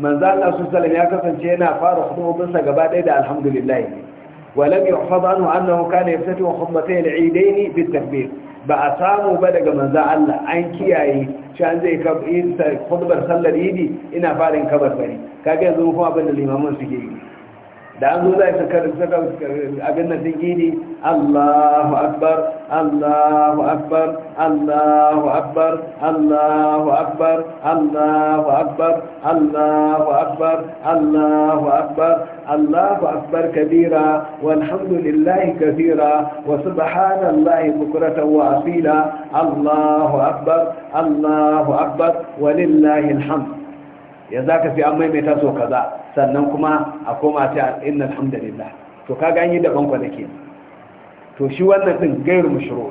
من ذا الله صلى الله عليه وسلم يكفن شينا فار خطبه بنسى قبات إذا الحمد لله ولم يحفظ عنه أنه كان يفتتح خطبتين العيدين بالتكبير ba a samu ba daga manzan Allah an kiyaye shan zai khudbar sallar idi ina farin kabar bari kaga yanzu kuma abin da limamin suke yi da an zo za su saka abin nan sun idi Allahu akbar Allahu akbar Allahu akbar Allahu akbar Allahu akbar Allahu akbar Allahu akbar Allahu akbar kabira walhamdulillahi kathira wa subhanallahi bukratan wa asila Allahu akbar Allahu akbar walillahi alhamd yanzu aka fi an maimaita so kaza sannan kuma a koma ta inna alhamdulillah to kaga an yi daban kwanaki to shi wannan din gairu mushru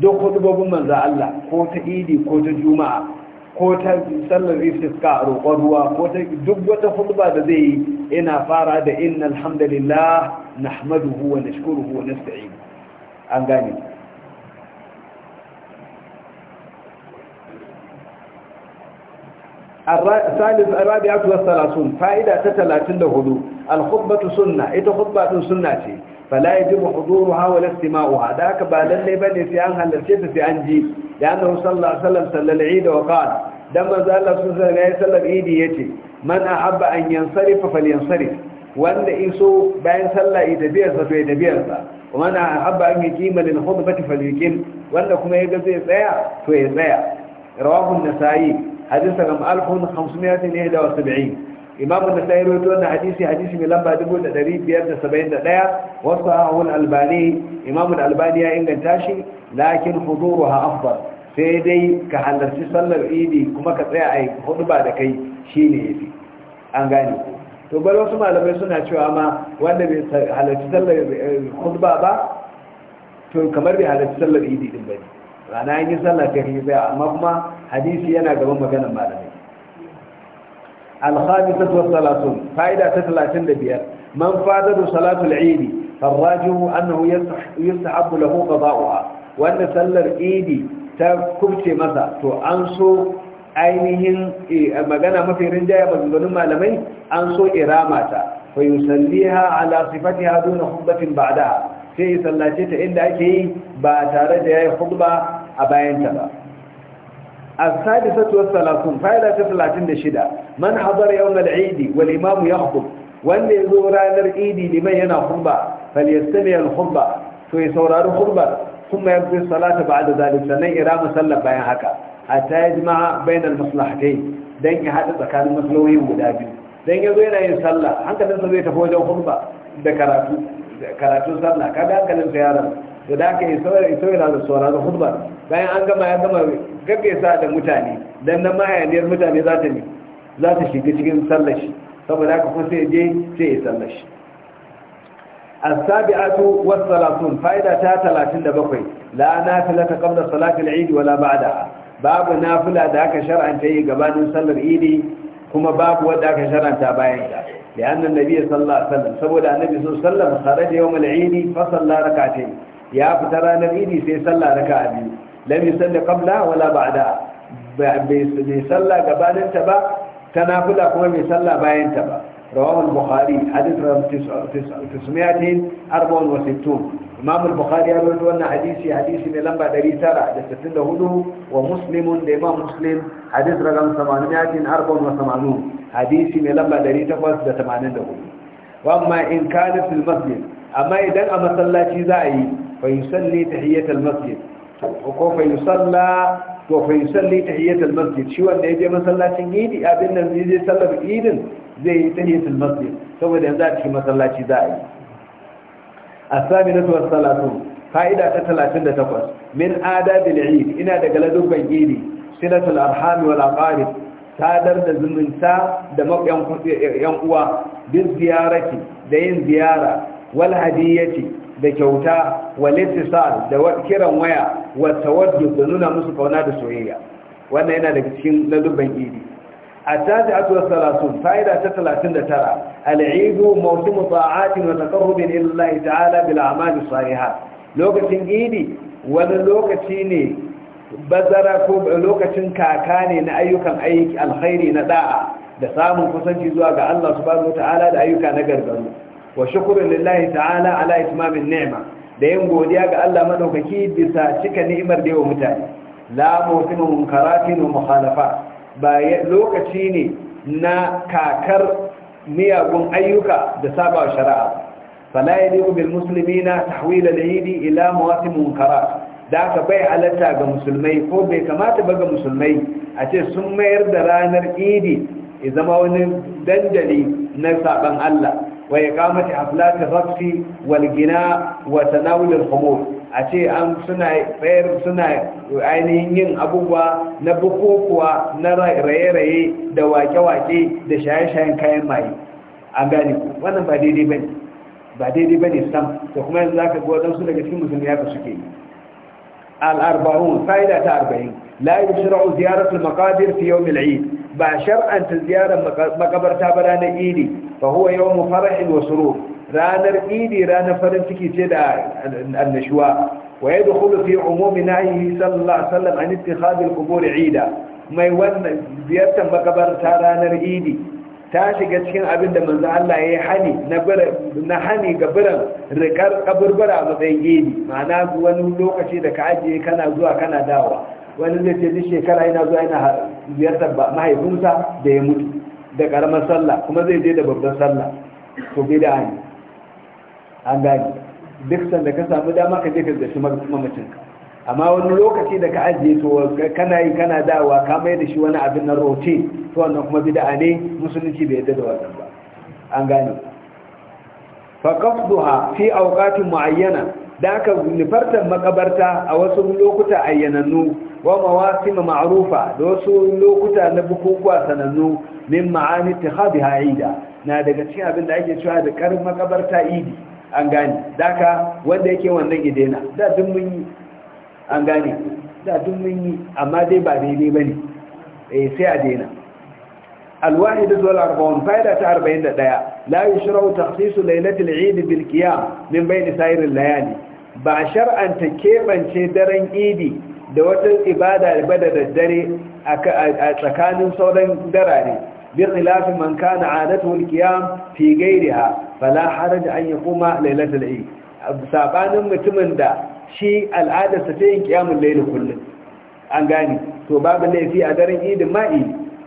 duk hudubobin manzo Allah ko ta idi ko ta juma'a ko ta sallar istisqa roƙon ruwa ko ta duk wata huduba da zai yi ina fara da inna alhamdulillah nahmaduhu wa nashkuruhu wa nasta'in an gane الثالث الرابعة والثلاثون فائدة تتلاتين لهدو الخطبة سنة إيه خطبة سنة فلا يجب حضورها ولا استماعها ذاك بالله بني في أنها للشيطة في أنجي لأنه صلى الله عليه وسلم صلى العيد وقال دم زال الله صلى الله عليه وسلم إيدي يتي من أحب أن ينصرف فلينصرف وأن إيسو بأن صلى إدبيرسة فإدبيرسة ومن أحب أن يقيم للخطبة فليقيم وأن كما يجب أن يسعى فيسعى رواه النسائي hadisan am alfun hamsumiyatin ne da wasu bi'i imam an-nasai rawaito wannan hadisi hadisi mai lamba 1571 wasu ahul albani imam al-albani ya inganta shi lakin huduruha afdal sai dai ka halarci sallar idi kuma ka tsaya a hudu ba da kai shine yafi an gane ko to bar wasu malamai suna cewa ma wanda bai halarci sallar hudu ba to kamar bai halarci sallar idi din bane rana yi sallar kari zai amma kuma hadisi yana gaban maganin malamai alhaji ta tuwa salatun fa'ida ta talatin da biyar man fada da salatu al'idi farraji annahu yi abu da hukwa ba'uwa wanda sallar idi ta kubce masa to an so ainihin eh, magana mafi rinjaya maganganun malamai an so irama ta fa yi salliha ala sifati ha zuwa hukbatin sai sallace ta inda ake yi ba tare da yayin khutba a bayanta ba as-sadisatu was-salatu fa'ida ta 36 man hadara yawm al-eid wal-imam yakhutub wanda yazo ranar eid liman yana khutba fal yastami al-khutba to yi sauraron khutba kuma ya yi salata ba'da zalika nan ira musallan bayan haka hatta yajma bayan al-maslahatay dan ya hada tsakanin maslahoyi guda biyu dan zo yana yin sallah hankalinsa zai tafi wajen khutba da karatu karatun sallah kaga hankalin sa yaran da da aka yi saurin da sauraron hudba bayan an gama ya gama sa da mutane don na mahayaniyar mutane za ta ne za ta shiga cikin sallashi saboda aka kuma sai je sai ya sallar as-sabi'atu was-salatun fa'ida ta 37 la ta qabla salati al-eid wala ba'daha babu nafila da aka shar'anta yi gabanin sallar idi kuma babu wadda aka shar'anta bayan ta لأن النبي صلى الله عليه وسلم سبب النبي صلى الله عليه وسلم خرج يوم العيد فصلى ركعتين يا فتران العيد سي صلى ركعة لم يصلي قبلها ولا بعدها bai sallah gabaninta ba ta nafula kuma bai sallah bayanta ba rawahul bukhari hadith 964 imam al-bukhari ya rawaito wannan hadisi hadisi ne lamba 964 wa muslimun da imam muslim hadis ragam 884 hadisi ne lamba 884 wa amma in kana fil masjid amma idan a masallaci za a yi fa yusalli tahiyyat al-masjid ko fa yusalla to fa yusalli tahiyyat al-masjid shi wanda yaje masallacin idi abin nan zai sallar idin zai yi tahiyyat al-masjid saboda yanzu a cikin masallaci za a yi as-saminatu was-salatu fa'ida ta 38 min adabil eid ina daga ladubban idi silatul arham wal aqarib sadar da zumunta da yan uwa bin ziyarati da yin ziyara wal hadiyati da kyauta wal ittisal da kiran waya wa tawaddu da nuna musu kauna da soyayya wannan yana daga cikin ladubban idi التاسعة والثلاثون فائدة تثلاثين ترى العيد موسم طاعات وتقرب إلى الله تعالى بالأعمال الصالحة لوكة إيدي ولا لوكة إيدي bazara ko lokacin kaka ne na ayyukan aiki alkhairi na da'a da samun kusanci zuwa ga Allah subhanahu wataala da ayyuka na gargaru wa shukru lillahi ta'ala ala itmamin ni'ma da yin godiya ga Allah madaukaki bisa cika ni'imar da yawa mutane la mutima munkaratin wa mukhalafa ba lokaci ne na kakar miyagun ayyuka da saba shari'a fala yadiku bil muslimina tahwil al idi ila mawasim munkara da aka bai halatta ga musulmai ko bai kamata ba ga musulmai a ce sun mayar da ranar idi ya zama wani dandali na saban Allah wa kamata haflati rafsi wal gina wa tanawul al a ce an suna tsayar suna ainihin yin abubuwa na bukukuwa na raye-raye da wake-wake da shaye-shayen kayan maye an gane ku wannan ba daidai ba ne ba daidai ba ne sam da kuma yanzu za ka ga waɗansu daga cikin musulmi haka suke al'arba'un fa'ida ta arba'in la yi ziyarar ziyaratul maqabir fi yawmil eid ba shar'anta ziyarar makabarta ba ranar idi fa huwa yawmu fara'in wa surur ranar idi ranar farin ciki ce da annashuwa wa ya dukulu fi umumi nahihi sallallahu an ittikhadhi al-qubur ida mai wannan ziyartar makabarta ranar idi ta shiga cikin abin da manzo Allah ya hani na hani ga biran rikar kaburbura matsayin idi ma'ana wani lokaci da ka ajiye kana zuwa kana dawa wani zai ce shekara yana zuwa yana ziyartar mahaifinsa da ya mutu da karamar sallah kuma zai je da babban sallah to an gane duk sanda ka samu dama ka je ka zashi mamacin ka amma wani lokaci da ka ajiye to kana yi kana dawa ka mai da shi wani abin na rote to wannan kuma bid'a ne musulunci bai yadda da wannan ba an gane fa qafduha fi awqatin muayyana da aka nufartar makabarta a wasu lokuta ayyanannu wa mawasim ma'rufa da wasu lokuta na bukukuwa sanannu min ma'ani ittikhadha aida na daga cikin abin da ake cewa da karin makabarta idi an gani daga wanda yake wannan idena da duk mun yi an gani da duk mun yi amma dai ba daidai bane eh sai a daina الواحد والأربعون فائدة أربعين دقيقة لا يشرع تخصيص ليلة العيد بالقيام من بين سائر الليالي باشر أن daren شدرا إيدي دوات الإبادة البدد الدري أكا أتكان صورا دراري بخلاف من كان عادته a في غيرها فلا حرج أن يقوم ليلة العيد sabanin mutumin da shi al'adarsa ta yin kiyamun laili kullum an gani to babu laifi a daren idin ma'i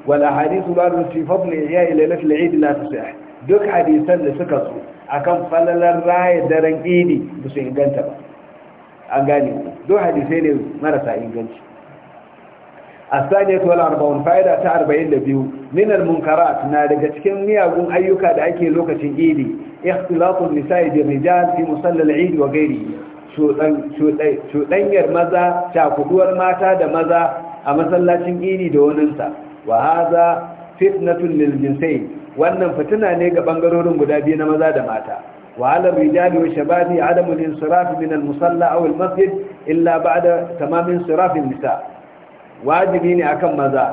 wala hadisu babu fi fadl ihya lailat al-eid la tasih duk hadisan da suka so akan falalar raya daren idi ba inganta an gani duk hadisai ne marasa inganci الثانية والأربعون فائدة تأربعين لبيو من المنكرات نالك تكن مياغون أيوكا دعيكي لوكا تجيدي اختلاط النساء بالرجال في مصلى العيد وغيره شو maza مزا mata da maza a masallacin iri da waninsa wa haza fitnatun lil jinsai wannan fitina ne ga bangarorin guda biyu وعلى الرجال والشباب عدم الانصراف من المصلى أو المسجد إلا بعد تمام انصراف النساء wajibi ne akan maza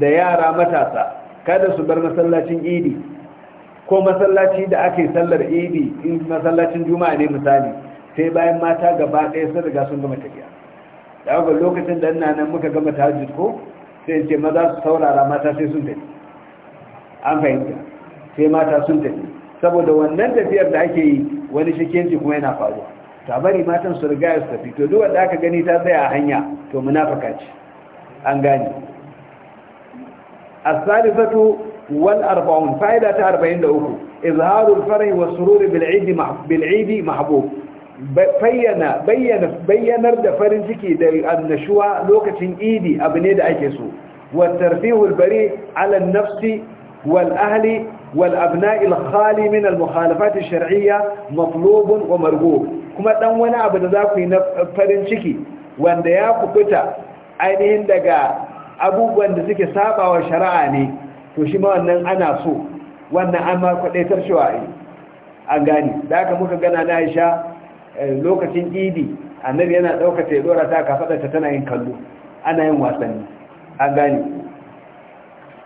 da yara matasa kada su bar masallacin idi ko masallaci da ake sallar idi in masallacin juma'a ne misali sai bayan mata gaba ɗaya sun riga sun gama tafiya da haka lokacin da ina nan muka gama tahajjud ko sai ce maza su saurara mata sai sun tafi an fahimta sai mata sun tafi saboda wannan tafiyar da ake yi wani shikenci kuma yana faruwa ta bari matan su riga su tafi to duk wanda aka gani ta tsaya a hanya to munafaka ce an gane as-salisatu wal arba'un fa'ida ta 43 izharul farhi bayyanar da farin ciki da annashuwa lokacin idi abu ne da ake so wat tarfihul bari 'ala nafsi wal ahli wal والأبناء الخالي من المخالفات الشرعية مطلوب ومرغوب kuma دان wani abu da zaku yi na farin ciki wanda ya kubuta ainihin daga abubuwan da suke sabawa shari'a ne to shi ma wannan ana so wannan an ma kwadaitar cewa an gani da aka muka gana na aisha eh, lokacin idi annabi yana ɗaukata ya dora ta kafaɗarta tana yin kallo ana yin wasanni an gani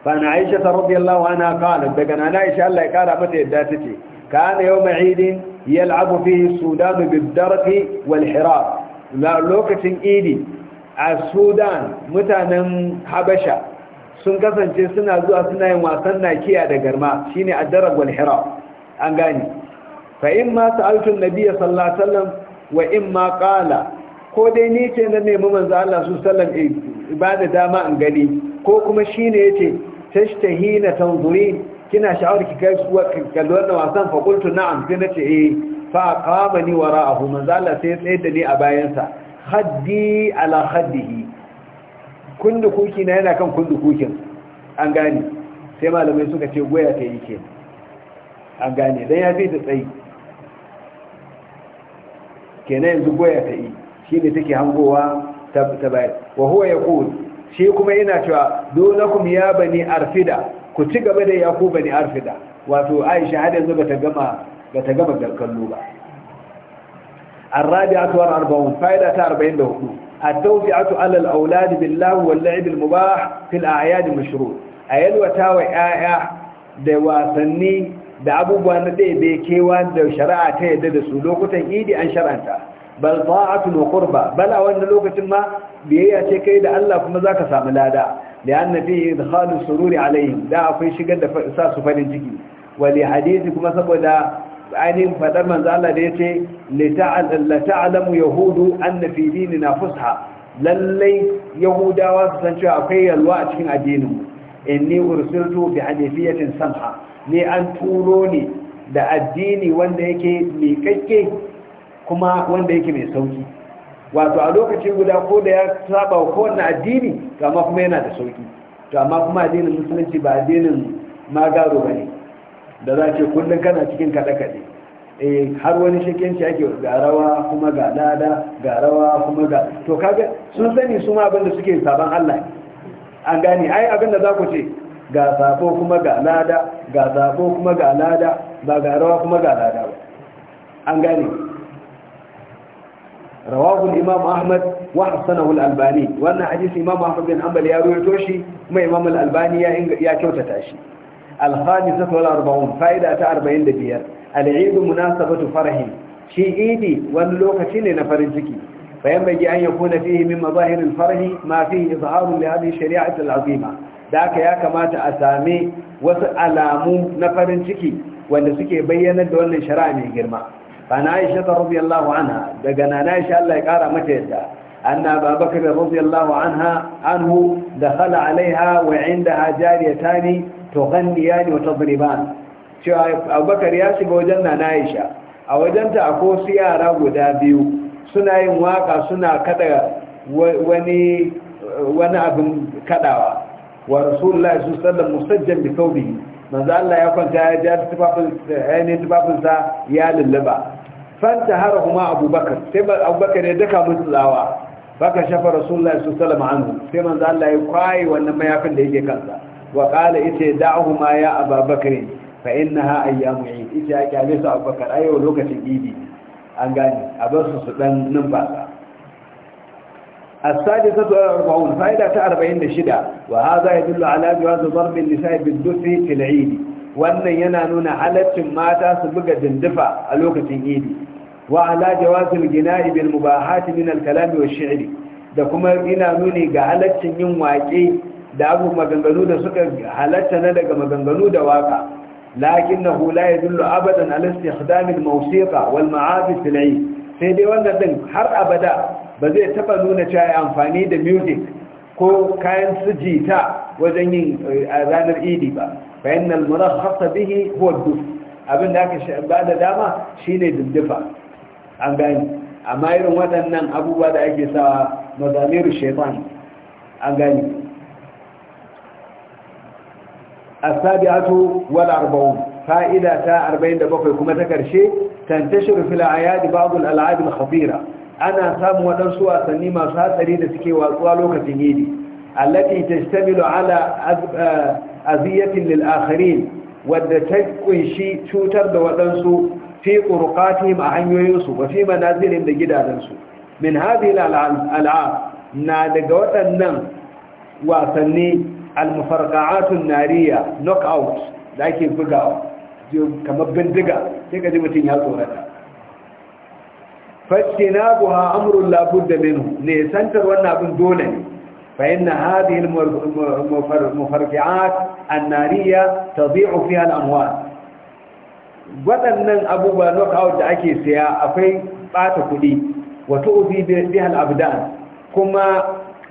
فأنا عائشة رضي الله عنها قالت بقنا نائشة الله قال متى يداتتي كان يوم عيد يلعب فيه السودان wal والحراب Lokacin idi. a sudan mutanen habasha sun kasance suna zuwa suna yin wasan nakiya da garma shine addarab wal an gani fa in ma sa'altu an-nabiy sallallahu alaihi wasallam wa in ma qala ko dai ni ce na nemi manzo Allah su sallam ibada eh, dama an gani ko kuma shine yace tashtahina tanzuri kina sha'awar ki kai su kalli wannan wasan fa qultu na'am sai nace eh fa qamani wara'ahu manzo Allah sai ya tsaye da ni a bayansa haddi ala haddihi kuki na yana kan kukin an gane sai malamai suka ce goya ta yi ke an gane don ya fi ta tsayi kenan yanzu goya ta yi shi ne take hangowa ta bayan wahuwa ya ya shi kuma yana cewa donakum ya bani arfida ku ci gaba da ya ku bani arfida wato aisha har yanzu ba ta gama kallo ba الرابعة والأربعون فائدة atu alal auladi على الأولاد بالله واللعب المباح في الأعياد المشروط أيل وتاوي آية دواسني da abubuwa na ɗaiɗe kewa da shari'a ta yarda da su lokutan idi an shara'anta bal ta'atul qurba bal a wannan lokacin ma biyayya ce kai da Allah kuma za ka samu lada da annabi idkhalu sururi alaihim da akwai shigar da sa su farin ciki wali hadisi kuma saboda ainihin faɗar manzo Allah da yace la ta'lamu yahudu anna fi dinina fusha lallai yahudawa su san cewa akwai yalwa a cikin addinin mu inni ursiltu bi hanifiyatin samha Ni an turo ni da addini wanda yake miƙaƙƙe kuma wanda yake mai sauki wato a lokacin guda ko da ya saba kowane addini amma kuma yana da sauki to amma kuma addinin musulunci ba addinin magaro ba ne da za ce kullum kana cikin kaɗe-kaɗe eh har wani shekenci ake ga rawa kuma ga lada ga rawa kuma ga to kaga sun sani su ma abinda suke saban Allah an gane ai abinda za ku ce ga sabo kuma ga lada ga sabo kuma ga lada ba ga rawa kuma ga lada ba an gane rawahu imam ahmad wa hasanahu al-albani wannan hadisi imam ahmad bin hanbal ya ruwaito shi kuma imam al-albani ya ya kyautata shi alhaji sakwal arba'un fa'ida ta arba'in da biyar al'idu munasabatu farahin shi idi wani lokaci ne na farin ciki bayan bai an ya kuna fiye min mazahirin farahi ma fi yi zaharun da hadin shari'a ta lazima da aka ya kamata a sami wasu alamu na farin ciki wanda suke bayyanar da wannan shari'a mai girma ba na yi shata rubiyallahu anha daga na na shi allah ya kara mata yadda an na ba bakar rubiyallahu anha anhu da hala alaiha wa inda To, ne wata tadriban cewa Abubakar ya shiga wajen na naisha a wajenta akwai wasu yara guda biyu suna yin waka suna kada wani wani abin kadawa wa rasulullah sallallahu alaihi musajjan bi thawbihi manzo Allah ya kwanta ya ja tufafin ainihin tufafin sa ya lulluba fanta harahuma abubakar sai abubakar ya daka musu tsawa baka shafa rasulullah sallallahu alaihi wasallam anhu sai manzo Allah ya kwaye wannan mayafin da yake kansa waƙala ita ya da'ahu ma ya a babakare fa ina ha a yi amuri ita ya kyale su a bakar ayo lokacin idi an gani a bar su su nan numfasa a sadi sa tuwar arba'un fa'ida ta arba'in da shida wa ha za a yi dillo alaji wa su zarbin nisa'i bin dutse fil idi wannan yana nuna halaccin mata su buga dindifa a lokacin idi wa alaji wa su gina ibil mubahati min alkalami wa shi'iri da kuma ina nuni ga halaccin yin waƙe da abu maganganu da suka halatta na daga maganganu da waka lakinnahu na yadullu abadan ala istihdamin mawsiqa wal ma'azif fil sai dai wannan din har abada ba zai taba nuna cewa amfani da music ko kayan sujita wajen yin eh, ranar idi ba bayan al-murakhasa bihi huwa duf abin da aka ba da dama shine dindifa an gani amma irin waɗannan abubuwa da ake sawa mazamiru shaitan an gani asabi'atu wal arba'un fa'ida ta 47 kuma ta karshe tantashiru fil ayadi ba'd al al'ab al Khabira. ana samu wadansu wasanni masu hatsari da suke watsuwa lokacin yidi allati tajtamilu ala aziyatin lil akharin wadda ta kunshi cutar da wadansu fi qurqatihim a hanyoyinsu wa fi manazilin da gidajensu min hadhihi al al'ab na daga waɗannan wasanni almufarqa'atun nariya knockout da ake bugawa kamar bindiga sai ka ji mutum ya tsorata Amurin امر da بد ne santar wannan abin dole ne fa inna hadhihi al-mufarqi'at an-nariya tadhi'u fiha al-amwal wadannan abubuwa knockout da ake siya akwai bata kuɗi, wato uzi biha abdan kuma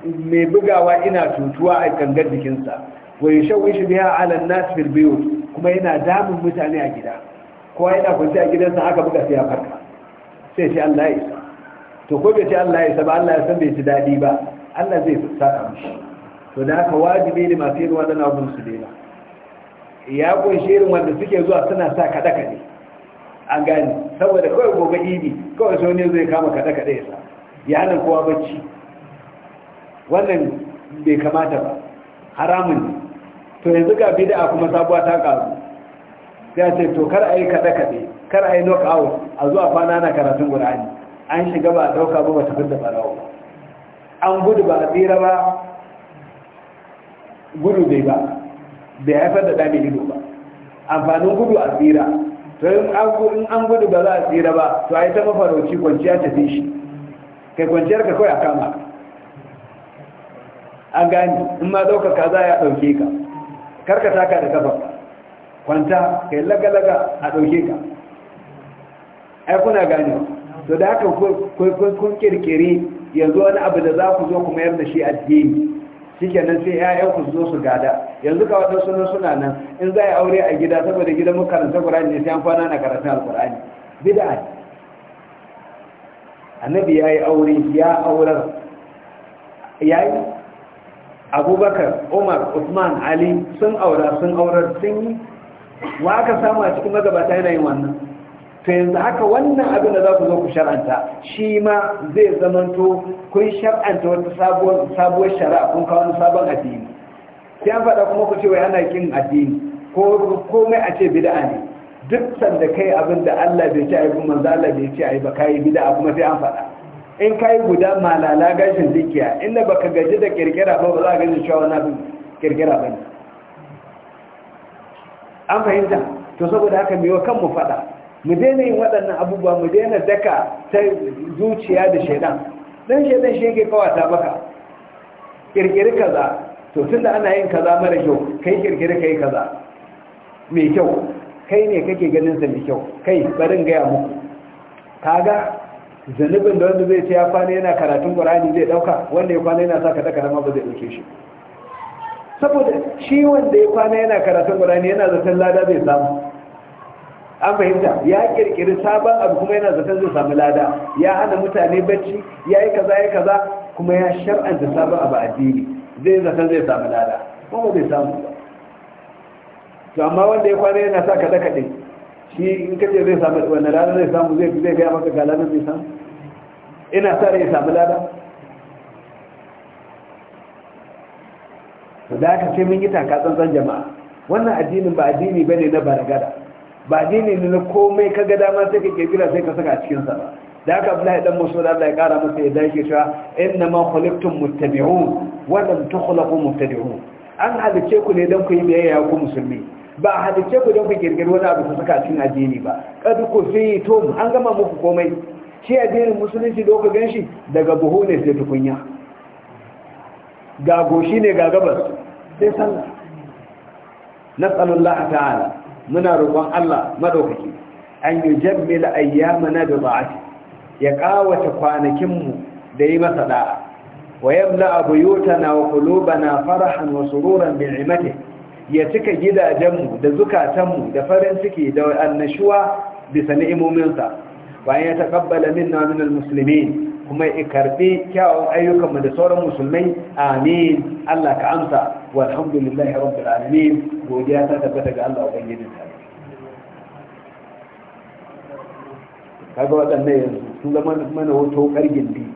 mai bugawa ina tutuwa a gangar jikinsa wa ya shawai shi biya ala nas fil biyut kuma yana damun mutane a gida kowa yana kwanci a gidansa haka buga sai ya farka sai ce Allah ya isa to ko bai ce Allah ya isa ba Allah ya san bai ji dadi ba Allah zai saka mishi to da haka wajibi ne masu yin wannan abun su daina ya kunshi irin wanda suke zuwa suna sa kada kade an gane saboda kawai gobe idi kawai sau zai kama kada kada ya sa ya hana kowa bacci wannan bai kamata ba haramun ne to yanzu ga bid'a kuma sabuwa ta karu sai ce to kar a yi kaɗe-kaɗe kar a yi knockout a zuwa kwana na karatun gurani an shiga ba a ɗauka ba wata fidda ɓarawo an gudu ba a tsira ba gudu bai ba bai haifar da dami ido ba amfanin gudu a tsira to in an gudu ba za a tsira ba to a yi ta mafarauci kwanciya ta fi shi kai kwanciyar ka kawai a kama an gani in ma ɗaukaka za a ɗauke ka karka taka da kafa kwanta kai lagalaga a ɗauke ka ai kuna gani to da haka kun kirkiri yanzu wani abu da za ku zo ku mayar da shi a addini shike nan sai ƴaƴan ku zo su gada yanzu ka wadansu sunan suna nan in za a aure a gida saboda gidan mu karanta Qur'ani ne sai an kwana na karatun Al-Qur'ani bid'a annabi yayi aure ya aurar yayi abubakar umar usman ali sun aura sun aurar sun yi wa aka samu a cikin magabata yana yin wannan to yanzu haka wannan abin da za ku zo ku shar'anta shi ma zai zamanto kun shar'anta wata sabuwar shari'a kun kawo wani sabon addini sai an faɗa kuma ku ce wai ana kin addini ko komai a ce bid'a ne duk sanda kai abin da Allah bai ce yi kuma manzo Allah bai ce yi ba kai bid'a kuma sai an faɗa in ka yi guda malala gashin zikiya inda ba ka gaji da kirkira ba ba za a gaji cewa wani kirkira ba ne an fahimta to saboda haka mai wa kan mu faɗa mu daina yin waɗannan abubuwa mu daina daka ta zuciya da shaidan Ɗan shaidan shi yake kawata baka kirkiri kaza to tun da ana yin kaza mara kyau kai kirkiri kai kaza mai kyau kai ne kake ganin sa mai kyau kai barin gaya muku kaga zanubin da wanda zai ce ya kwana yana karatun qur'ani zai ɗauka, wanda ya kwana yana sa ka taka ma ba zai ɗauke shi saboda shi wanda ya kwana yana karatun qur'ani yana zaton lada zai samu an fahimta ya ƙirƙiri sabon abu kuma yana zaton zai samu lada ya hana mutane bacci ya yi kaza ya kaza kuma ya shar'anta sabon abu addini zai zaton zai samu lada kuma zai samu ba to amma wanda ya kwana yana sa kada kaɗe shi in ce zai samu wani lada zai samu zai zai gaya maka ga ladan zai samu ina sa ya samu lada da aka ce min yi taka tsantsan jama'a wannan addinin ba addini ba ne na baragada ba addini ne na komai kaga dama sai ka gira sai ka saka a cikin sa ba da haka Abdullahi dan musu, da Allah ya kara masa ya dace cewa na ma khuliqtum muttabi'un wa lam tukhlaqu mubtadi'un an halice ku ne don ku yi biyayya ku musulmi ba a halicce ku don ku girgir wani abu su suka cin addini ba ƙadu ku fi to an gama muku komai shi addinin musulunci da ku ganshi daga buhu ne sai tukunya ga goshi ne ga gabas sai sallah nasallallahu ta'ala muna roƙon Allah madaukaki an yujammila ayyamana bi da'ati ya kawata kwanakin mu da yi masa da'a wa yamla buyutana wa qulubana farahan wa sururan bi'imatihi ya cika gidajenmu da zukatanmu da farin ciki da annashuwa bisa ni'imominsa bayan ya takabbala minna min muslimin kuma ya karbi kyawun ayyukanmu da sauran musulmai amin Allah ka amsa walhamdulillahi rabbil alamin godiya ta tabbata ga Allah ubangijin ta kaga waɗannan yanzu sun zama mana hoto kargin bi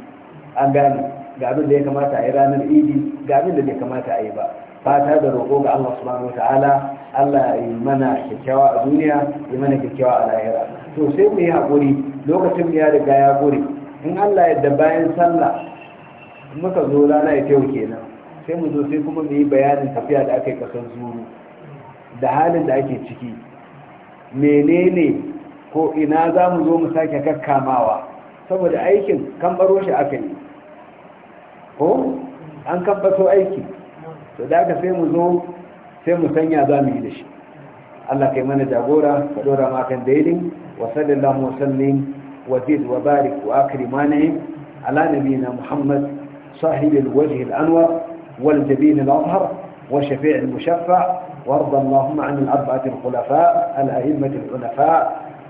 an gane ga abin da ya kamata a yi ranar idi ga abin da bai kamata a yi ba fata da roƙo ga Allah subhanahu wataala Allah ya yi mana kyakkyawa a duniya ya mana kyakkyawa a lahira to sai mu yi haƙuri lokacin ya riga ya gure in Allah yadda bayan sallah muka zo rana ya kyau kenan sai mu zo sai kuma mu yi bayanin tafiya da aka yi ƙasar zuru da halin da ake ciki menene ko ina za mu zo mu sake kakkamawa saboda aikin kan baro shi aka yi ko an kan aiki to da aka sai mu zo sai mu sanya za mu yi da shi Allah kai mana jagora ka dora ma kan daidai wa sallallahu wa sallim wa zid wa barik wa akrim ala nabiyina muhammad صاحب الوجه الأنور والجبين الأظهر وشفيع المشفع وارض اللهم عن الأربعة الخلفاء الأئمة الحنفاء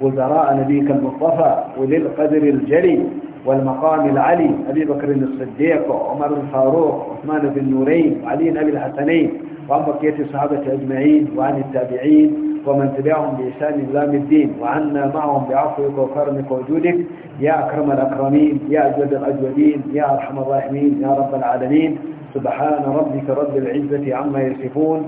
وزراء نبيك المصطفى وللقدر الجلي والمقام العلي أبي بكر الصديق وعمر الفاروق عثمان بن نورين وعلي أبي الحسنين وعن بقية الصحابة أجمعين وعن التابعين ومن تبعهم بإحسان إلام الدين وعنا معهم بعفوك وكرمك وجودك يا أكرم الأكرمين يا أجود الأجودين يا أرحم الراحمين يا رب العالمين سبحان ربك رب العزة عما يصفون